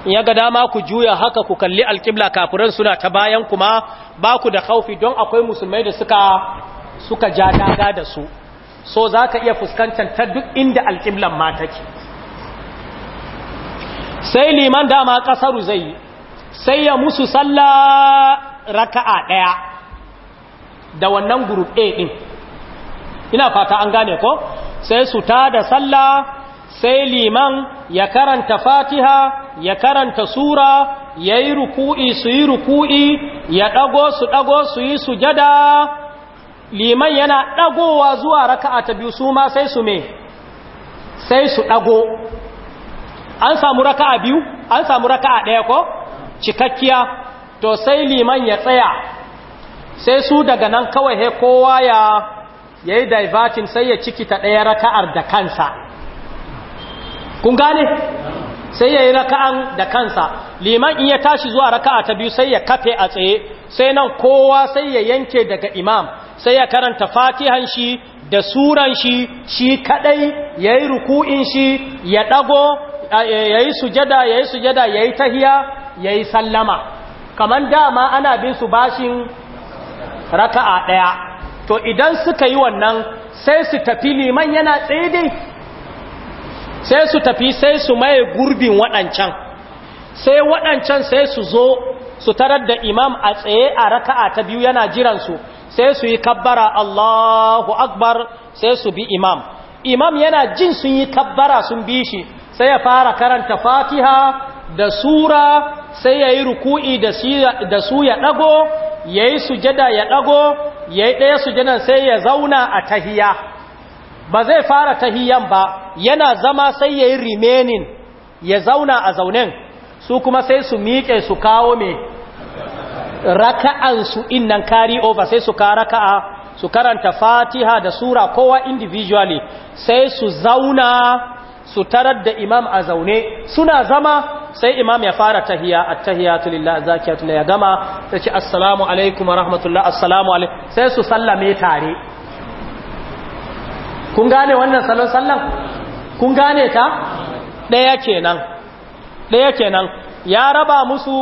ya ga dama ku juya haka ku kalli alƙibla kafiran suna ta bayan kuma ba ku da kaufi don akwai musulmai da suka suka ja daga da su so za ka iya fuskantar ta duk inda alƙiblan ma take sai liman dama ƙasaru zai yi sai ya musu salla raka'a ɗaya da wannan group ɗe ɗin ina fata an gane ko sai su ta da sallah sai liman ya karanta fatiha ya karanta sura ya yi ruku'i su yi ruku'i ya ɗago su ɗago su yi sujada liman yana ɗagowa zuwa raka'a ta biyu su ma sai su me sai su ɗago an samu raka'a biyu an samu raka'a ɗaya ko cikakkiya to sai liman ya tsaya sai su daga nan kawai he kowa ya yayi diverting sai ya ciki ta ɗaya raka'ar da kansa kun gane sai yayi raka'an da kansa liman in ya tashi zuwa raka'a ta biyu sai ya kafe a tsaye sai nan kowa sai ya yanke daga imam sai ya karanta fatihan shi da suran shi shi kadai ya yi ruku'in shi ya ɗago ya yi sujada ya yi sujada ya yi tahiya ya yi sallama kamar dama ana bin su bashin raka'a ɗaya to idan suka yi wannan sai su tafi liman yana tsaye sai su tafi sai su maye gurbin waɗancan sai waɗancan sai su zo su tarar da imam a tsaye a raka'a ta biyu yana jiransu sai su yi kabbara Allahu akbar sai su bi imam imam yana jin sun yi kabbara sun bi shi sai ya fara karanta fatiha da sura sai ya yi ruku'i da su ya ɗago ya yi sujada ya ɗago ya yi ɗaya su jana sai ya zauna a tahiya ba zai fara tahiyan ba yana zama sai ya yi remaining ya zauna a zaunen su kuma sai su miƙe su kawo mai raka'ansu innan kari over sai su ka raka'a su karanta fatiha da sura kowa individually sai su zauna su tarar da imam a zaune suna zama sai imam ya fara tahiya attahiyatu lillahi zakiyatu ya gama sai ce assalamu alaikum wa rahmatullahi assalamu alaikum sai su sallame tare kun gane wannan salon sallan kun gane ta daya kenan daya kenan ya raba musu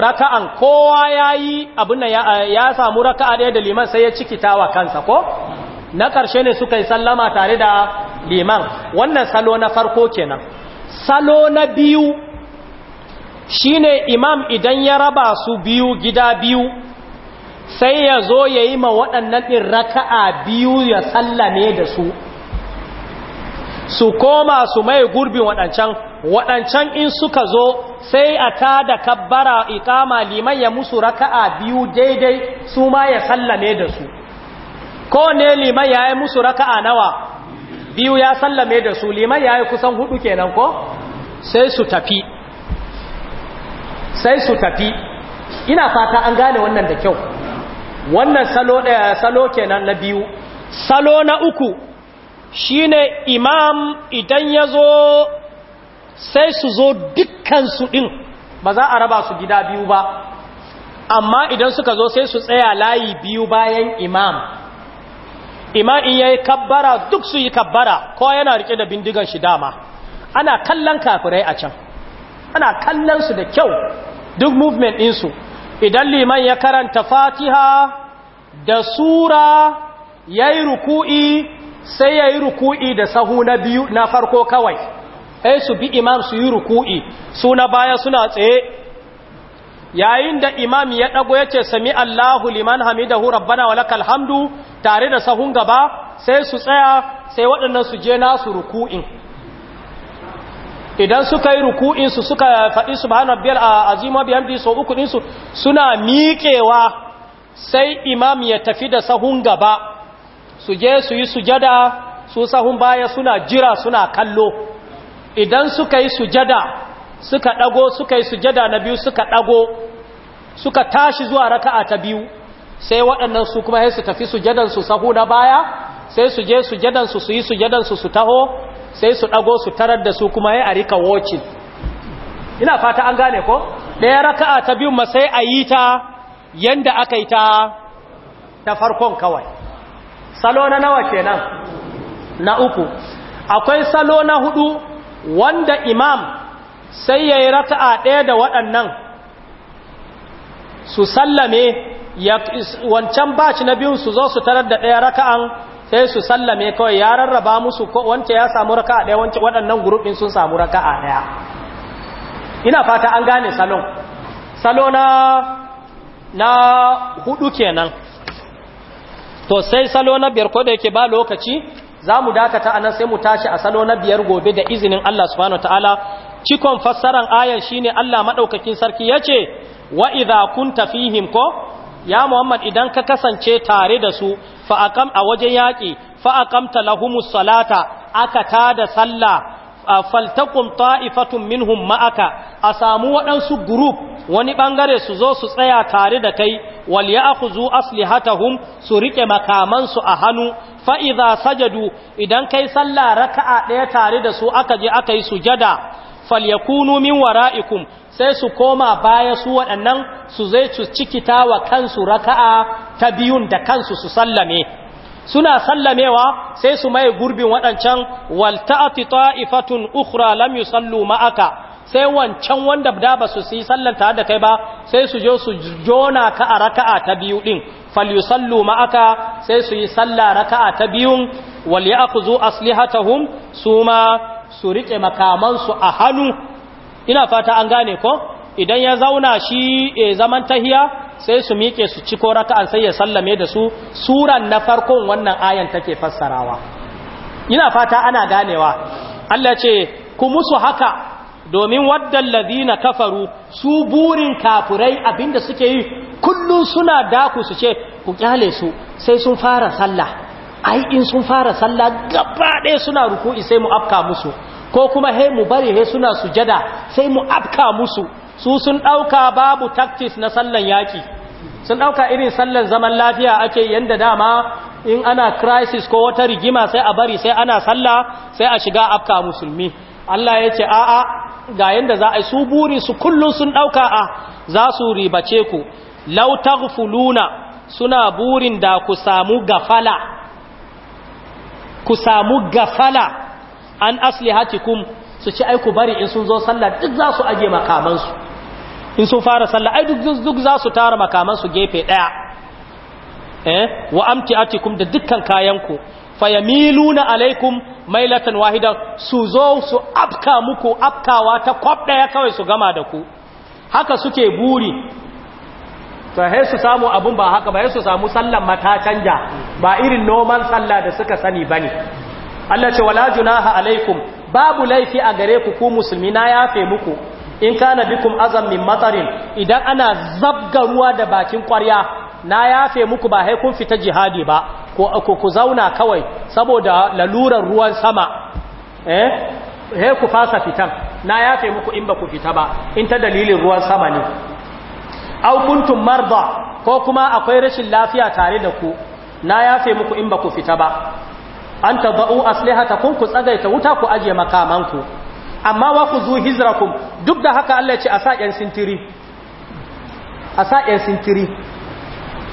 raka'an kowa ya yi abin nan ya samu raka'a ɗaya da liman sai ya ciki tawa kansa ko na ƙarshe ne suka yi sallama tare da liman wannan salo na farko kenan salo na biyu shine imam idan ya raba su biyu gida biyu sai ya zo ya yi ma waɗannan ɗin raka'a biyu ya sallame da su su koma su mai gurbin waɗancan waɗancan in suka zo sai a ta da kabbara ikama liman ya musu raka'a biyu daidai su ma ya sallame da su ko ne liman ya yi musu raka'a nawa biyu ya sallame da su liman ya yi kusan hudu kenan ko sai su tafi sai su tafi ina fata an gane wannan da kyau wannan salo ɗaya salo kenan na biyu salo na uku shine imam idan ya zo sai su zo dukkansu ɗin ba za a raba su gida biyu ba amma idan suka zo sai su tsaya layi biyu bayan imam imam in ya yi kabbara duk su yi kabbara ko yana rike da bindigan shi dama ana kallon kafirai a can ana kallon su da kyau duk movement ɗinsu idan liman ya karanta fatiha da sura ya yi ruku'i sai ya yi ruku'i da sahu na biyu na farko kawai sai su bi imam su yi ruku'i su na baya suna tsaye yayin da imam ya dago yace sami Allahu liman hamidahu rabbana walakal hamdu tare da sahun gaba sai su tsaya sai waɗannan su je nasu ruku'in idan suka yi ruku'in su suka faɗi subhana rabbiyal azim wa bihamdi sau uku din suna miƙewa sai imam ya tafi da sahun gaba su je su yi sujada su sahun baya suna jira suna kallo idan suka yi sujada suka ɗago suka yi sujada na biyu suka ɗago suka tashi zuwa raka'a ta biyu sai waɗannan su kuma sai su tafi sujadan su sahu na baya sai su je sujadan su yi sujadan su su taho sai su ɗago su tarar da su kuma yi a rika wocin ina fata an gane ko ɗaya raka'a ta biyu ma sai a yi ta yanda aka yi ta ta farkon kawai salo na nawa kenan na uku akwai salo na hudu wanda imam sai ya yi raka'a ɗaya da waɗannan su sallame wancan baci na biyun su zo su tarar da ɗaya raka'an sai su sallame kawai ya rarraba musu wance ya samu raka'a ɗaya wance waɗannan gurufin sun samu raka'a ɗaya ina fata an gane salon salo na na hudu kenan to sai salo na biyar ko da yake ba lokaci za mu dakata nan sai mu tashi a salo na biyar gobe da izinin Allah subhanahu ta'ala cikon fassaran ayan shine Allah maɗaukakin sarki yace wa idza kun fihim ko ya Muhammad idan ka kasance tare da su fa a wajen yaƙi. fa aqamta lahumus salata aka tada sallah faltakum ta'ifatun minhum ma'aka a samu waɗansu gurup wani ɓangare su zo su tsaya tare da kai wal ya'khuzu aslihatahum su riƙe makamansu a hannu fa'iza sajadu idan kai sallah raka'a ɗaya tare da su aka je aka yi sujada falyakunu min wara'ikum sai su koma baya su waɗannan su zai su cikita wa kansu raka'a ta biyun da kansu su sallame suna sallamewa sai su mai gurbin waɗancan walta'ati ta'ifatun ukura lam sallu ma'aka sai wancan wanda da ba su yi sallar tare da kai ba sai su je su jona ka a raka'a ta biyu din sallu ma'aka sai su yi sallah raka'a ta biyun wal ya'khudhu aslihatahum suma su riƙe makaman su a hannu ina fata an gane ko idan ya zauna shi e, zaman tahiya sai su miƙe su ci ko raka'an sai ya sallame da su suran na farkon wannan ayan take fassarawa ina fata ana ganewa Allah ce ku musu haka domin waddan na kafaru su burin kafurai abinda suke yi kullum suna daku su ce ku kyale su sai sun fara sallah ai in sun fara sallah gaba ɗaya suna ruku'i sai mu afka musu ko kuma he mu bari he suna sujada sai mu afka musu su sun ɗauka babu taktis na sallan yaki sun ɗauka irin sallan zaman lafiya ake yanda dama in ana crisis ko wata rigima sai a bari sai ana sallah sai a shiga afka musulmi Allah ya ce a'a ga yanda za a yi su buri su kullum sun ɗauka a za su ribace ku lautar fuluna suna burin da ku samu gafala ku samu gafala an asli hatikum su ci aiku bari in sun zo sallah duk za su aje makamansu in sun fara sallah ai duk za su tara makamansu gefe ɗaya eh, wa amti atikum da dukkan kayanku fayamiluna alaikum mailatan wahida su zo su afka muku afkawa ta kwab daya kawai su gama da ku haka suke buri to hai su samu abun ba haka ba su samu sallan mata canja ba irin noman sallah da suka sani ba ne. Allah ce wala junaha alaikum babu laifi a gare ku ku musulmi na yafe muku in kana bikum azam min matarin idan ana zabga ruwa da bakin ƙwarya na yafe muku ba haikun fita jihadi ba ko ku zauna kawai saboda lalurar ruwan sama eh he ku fasa fitan na yafe muku in ba ku fita ba in ta dalilin ruwan sama ne au kuntum marda ko kuma akwai rashin lafiya tare da ku na yafe muku in ba ku fita ba an tabau aslihatakum ku tsagaita wuta ku aje makamanku amma wa ku zu hijrakum duk da haka Allah ya ce a sa sintiri a sa sintiri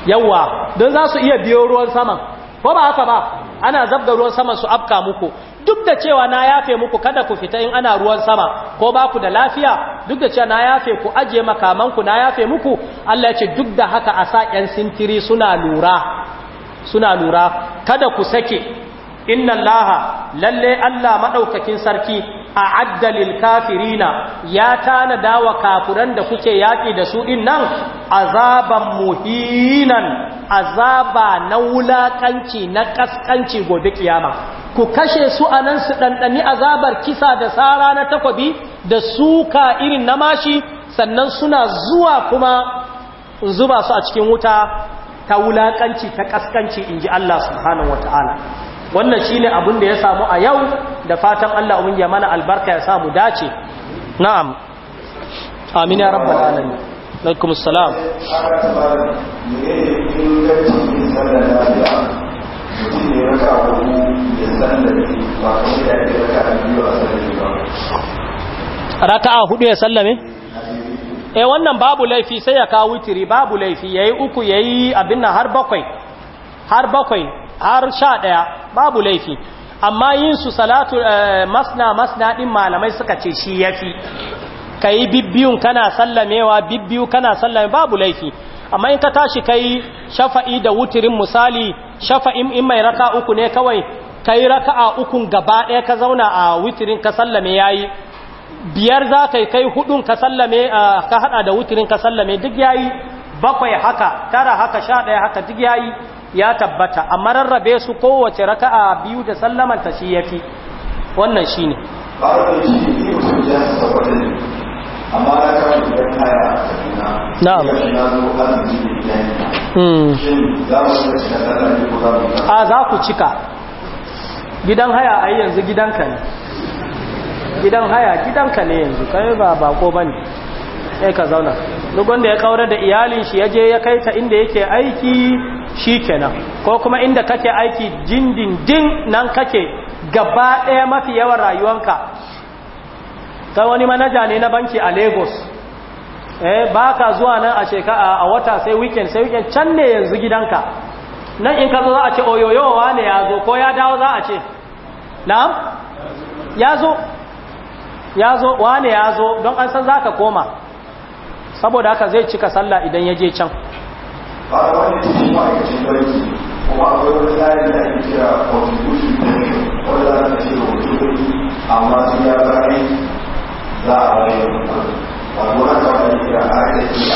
yawa don za su iya biyo ruwan sama ko ba haka ba ana zabga ruwan sama su afka muku duk da cewa na yafe muku kada ku fita in ana ruwan sama ko ba ku da lafiya duk da cewa na yafe ku aje makamanku na yafe muku Allah ya ce duk da haka a sa 'yan sintiri suna lura suna lura kada ku sake inna allaha lalle allah maɗaukakin sarki a addalil kafirina ya tanadawa kafuran da kuke yaƙi da su din nan azaban muhinan azaba na wulaƙanci na ƙasƙanci gobe kiyama ku kashe su nan su ɗanɗani azabar kisa da sara na takwabi da suka irin na mashi sannan suna zuwa kuma zuba su a cikin wuta ta wulaƙanci ta in inji Allah subhanahu wataala wannan shine abin da ya samu a yau da fatan Allah umin ya mana albarka ya samu dace na'am amin ya rabbal alamin alaikum assalam raka'a hudu ya sallame eh wannan babu laifi sai ya kawo witiri babu laifi yayi uku yayi abin nan har bakwai har bakwai har sha ɗaya babu laifi amma yin su salatu eh, masna masna ɗin malamai suka ce shi yafi fi ka yi bibbiyun kana sallamewa bibbiyu kana sallame babu laifi amma in ka tashi kai shafa'i da wutirin misali shafa'in in mai raka uku ne kawai ka raka'a uku gaba ɗaya ka zauna a wutirin ka sallame ya biyar za ka kai hudun ka sallame ka hada da wutirin ka sallame duk ya bakwai haka tara haka sha ɗaya haka duk ya ya tabbata amma rarrabe su kowace raka'a biyu da sallaman ta shi ya fi. wannan shi amma na kaya a za ku cika gidan haya a yanzu gidanka ne gidan haya gidanka ne yanzu kai ba bako ne ya ka zauna duk ya kaura da iyalin shi ya je ya kai ta inda yake aiki shikenan ko kuma inda kake aiki jindindin nan kake gaba ɗaya mafi yawan rayuwanka ta wani manaja ne na banki a lagos eh ba ka zuwa nan a shekara a wata sai weekend sai weekend can ne yanzu gidanka nan in ka zo za a ce oyoyowa ne ya zo ko ya dawo za a ce na'am ya zo ya zo wane ya zo don an san za ka koma saboda haka zai cika sallah idan ya je can ba da wani cikin ma'aikacin banki kuma akwai wani tsarin da ake kira contribution pension wanda za ta ce wa mutum amma sun ya zai za a bayar da kuɗi wato wani tsarin da kira aiki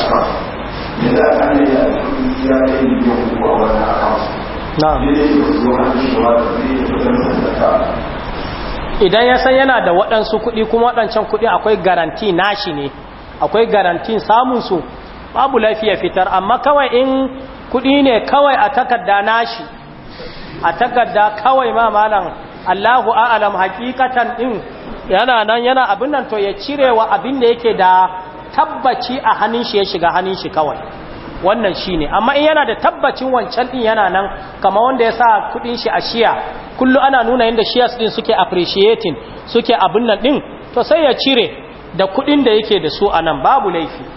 a kan da za a kan yi a cikin ya kai miliyan uku a wani akan na'am ne ne zuwa hannun shi ba da zai yi kudin sadaka idan ya san yana da waɗansu kuɗi kuma waɗancan kuɗi akwai garanti nashi ne akwai garantin su. babu lafiya fitar amma kawai in kuɗi ne kawai a takarda nashi a takarda kawai ma malam Allahu a'lam hakikatan din yana nan yana abin nan to ya cire wa abin da yake da tabbaci a hannun shi ya shiga hannun shi kawai wannan shine amma in yana da tabbacin wancan din yana nan kamar wanda ya sa kudin shi a shiya kullu ana nuna yadda shiyas din suke appreciating suke abin nan din to sai ya cire da kudin da yake da su anan babu laifi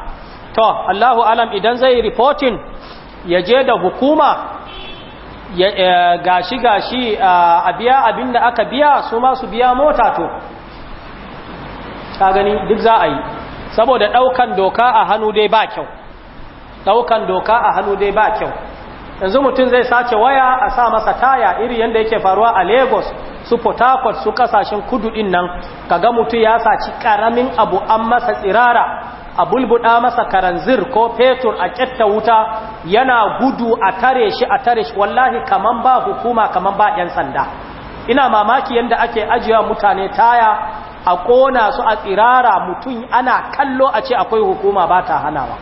to Allahu alam idan zai reporting ya je da hukuma eh, gashi gashi a biya abinda aka biya su ma su biya mota to ka gani duk za a yi saboda daukan doka a hannu dai ba kyau daukan doka a hannu dai ba kyau yanzu mutum zai sace waya a sa masa taya iri yadda yake faruwa a lagos su portacourt su kasashen kudu din nan kaga mutum ya saci karamin abu an masa tsirara a bulbuɗa masa karanzir ko fetur a ƙetta wuta yana gudu a tare shi a tare shi wallahi kaman ba hukuma kaman ba 'yan sanda ina mamaki yadda ake ajiya mutane taya a ƙona su a tsirara mutum ana kallo a ce akwai hukuma ba ta hanawa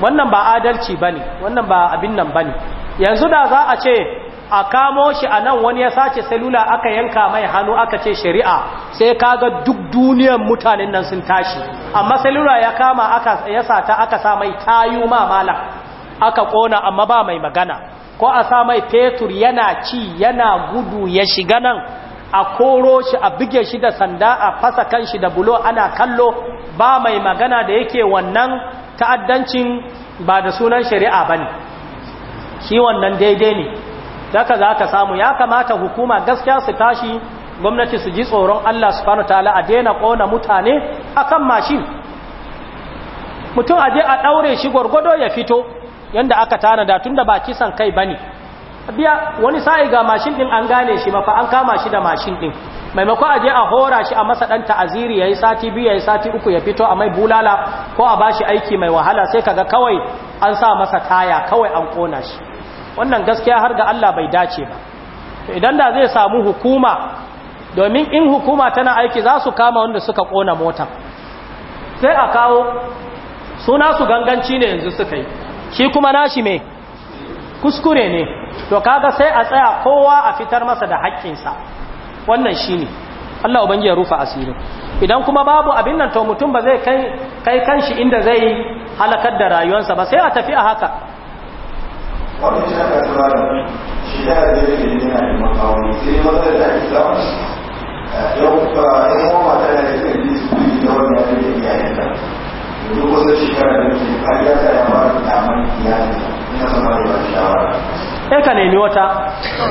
wannan ba adalci ba ne wannan ba abin nan ba ne yanzu da za a ce a kamo shi a nan wani ya sace salula aka yanka mai hannu aka ce shari'a sai kaga duk duniyar mutanen nan sun tashi amma salula ya kama aka ya sata aka sa mai tayu ma malam aka kona amma ba mai magana ko a sa mai fetur yana ci yana gudu ya shiga nan a koro shi a buge shi da sanda a fasa kan shi da bulo ana kallo ba mai magana da yake wannan ta'addancin ba da sunan shari'a bane shi wannan daidai ne daga za ka samu ya kamata hukuma gaskiya su tashi gwamnati su ji tsoron Allah su subhanahu tala a daina kona mutane akan mashin mutum a je a daure shi gwargwado ya fito yadda aka tanada da ba kisan kai ba ne biya wani sa'i ga mashin ɗin an gane shi mafa an kama shi da mashin ɗin maimakon aje a hora shi a masa ɗanta ta'aziri yayi sati biyu yayi sati uku ya fito a mai bulala ko a ba shi aiki mai wahala sai kaga kawai an sa masa kaya kawai an kona shi wannan gaskiya har ga Allah bai dace ba to idan da zai samu hukuma domin in hukuma tana aiki za su kama wanda suka kona mota sai a kawo suna su ganganci ne yanzu suka yi shi kuma nashi mai kuskure ne to kaga sai a tsaya kowa a fitar masa da haƙƙinsa wannan shi ne. Allah ubangi ya rufa asirin idan kuma babu abin nan to mutum ba zai kai kai kanshi inda zai halakar da rayuwarsa ba sai a tafi a haka wanda shi aka tura da shi da zai da yana da makawai sai wanda da ake samu yau ba yan wama ta da zai yi su yi da wani ya zai iya yi da duk wasu shekara da ke har ya sa ya ba da damar iyali ina sama da ba shawara sai ka nemi wata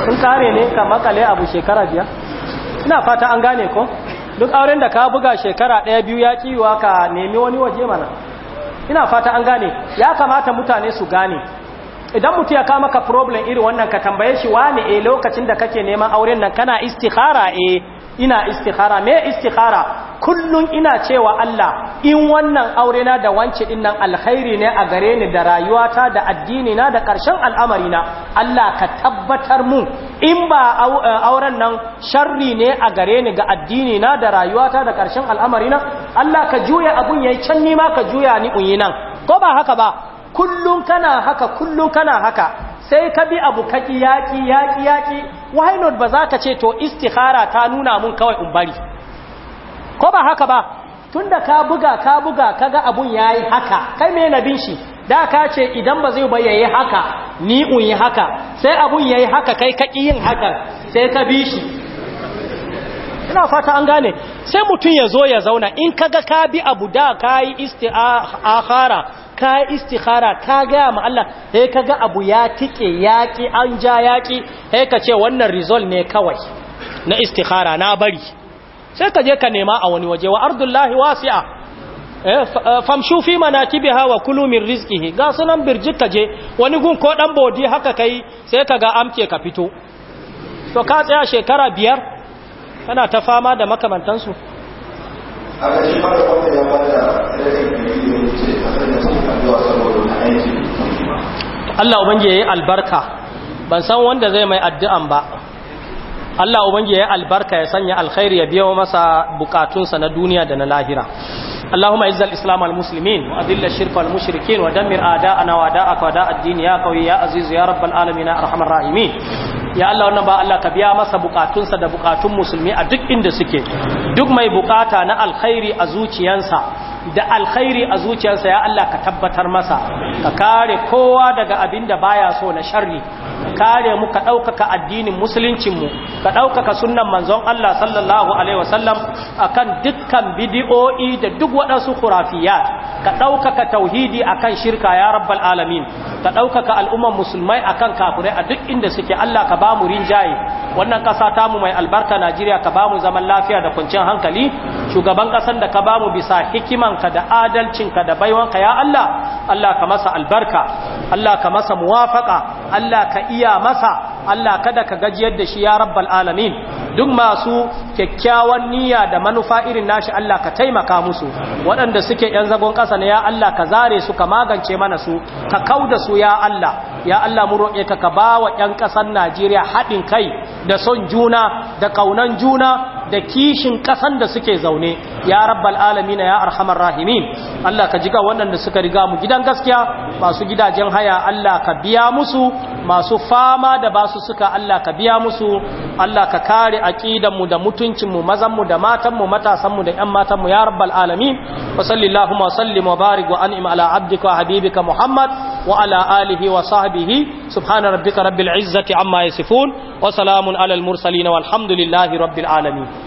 kun kare ne ka makale abu shekara biyar ina fata an gane ko duk auren da ka buga shekara ɗaya biyu ya kiwa ka nemi wani waje mana ina fata an gane ya kamata mutane su gane idan mutu ya kama ka problem irin wannan ka tambaye shi wani eh lokacin da kake neman auren nan kana istikhara eh ina istikhara me istikhara kullun ina cewa Allah in wannan aure na da wance din nan alkhairi ne a gare ni da rayuwata da addini na da karshen al'amari na Allah ka tabbatar mu in ba eh, auren nan sharri ne a gare ni ga addini na da rayuwata da karshen al'amari na Allah ka juya abun yayi can ni ma ka juya ni unyi nan ko ba haka ba kullum kana haka kullum kana haka sai ka bi abu kaki yaki yaki yaki why not ba za ka ce to istikhara ta nuna mun kawai in bari ko ba haka ba tunda ka buga ka buga kaga abun yayi haka kai me nabin shi da ka ce idan ba zai ba yayi haka ni un yi haka sai abun yayi haka kai kaki yin haka sai ka bi shi ina fata an gane sai mutum ya zo ya zauna in kaga ka bi abu da ka yi istikhara ka yi istikhara ka gaya ma Allah sai kaga abu ya tike yaƙi an ja yaƙi sai ka ce wannan result ne kawai na istikhara na bari sai ka je ka nema a wani waje wa ardullahi wasi'a eh, eh, famshu fi manakibiha wa kulu min rizqihi ga sunan ka je wani gun ko dan bodi haka kai sai kaga amke ka fito to ka tsaya shekara biyar kana ta fama da makamantansu Allah ubangi ya yi albarka ban san wanda zai mai addu’an ba Allah ubangi ya yi albarka ya sanya alkhairi ya biyo masa bukatunsa na duniya da na lahira Allahu izzal Islam al-Muslimin wa adilla shirka al-mushrikin wa dammir a da'ana wa da'aka wa ya kawai ya azizu ya rabbal alamina arhamar rahimin ya Allah wannan ba Allah ka biya masa bukatunsa da bukatun musulmi a duk inda suke duk mai bukata na alkhairi a zuciyansa da alkhairi a zuciyarsa ya Allah ka tabbatar masa ka kare kowa daga abin da baya so na sharri kare mu ka ɗaukaka addinin musuluncinmu ka ɗaukaka sunnan manzon Allah sallallahu Alaihi wasallam a kan dukkan bidiyo'i da duk waɗansu kurafiya ka ɗaukaka tauhidi a kan shirka ya rabbal alamin ka ɗaukaka al'umman musulmai a kan kafirai a duk inda suke Allah ka ba mu rinjaye wannan ƙasa tamu mai albarka Najeriya ka ba mu zaman lafiya da kwanciyar hankali shugaban ƙasan da ka ba mu bisa hikimanka da adalcinka da baiwanka ya Allah Allah ka masa albarka Allah ka masa muwafaka Allah ka iya masa Allah kada ka gajiyar da shi ya rabbal alamin duk masu kyakkyawan niyya da manufa irin nashi Allah ka taimaka musu waɗanda suke yan zagon ƙasa ne ya Allah ka zare su ka magance mana su ka kauda su ya Allah ya Allah mu roƙe ka ka bawa yan ƙasar Najeriya haɗin kai da son juna da kaunan juna da kishin kasan da suke zaune ya rabbal alamin ya arhamar rahimin Allah ka jiga waɗanda suka riga mu gidan gaskiya masu gidajen haya Allah ka biya musu masu fama da basu suka Allah ka biya musu Allah ka kare aqidan mu da mutuncin mu mazan mu da matan mu matasan mu da ƴan matan mu ya rabbal alamin wa sallallahu wa sallim wa barik wa an'im ala abdika wa habibika muhammad wa ala alihi wa sahbihi subhana rabbika rabbil izzati amma yasifun wa salamun ala al mursalin walhamdulillahi rabbil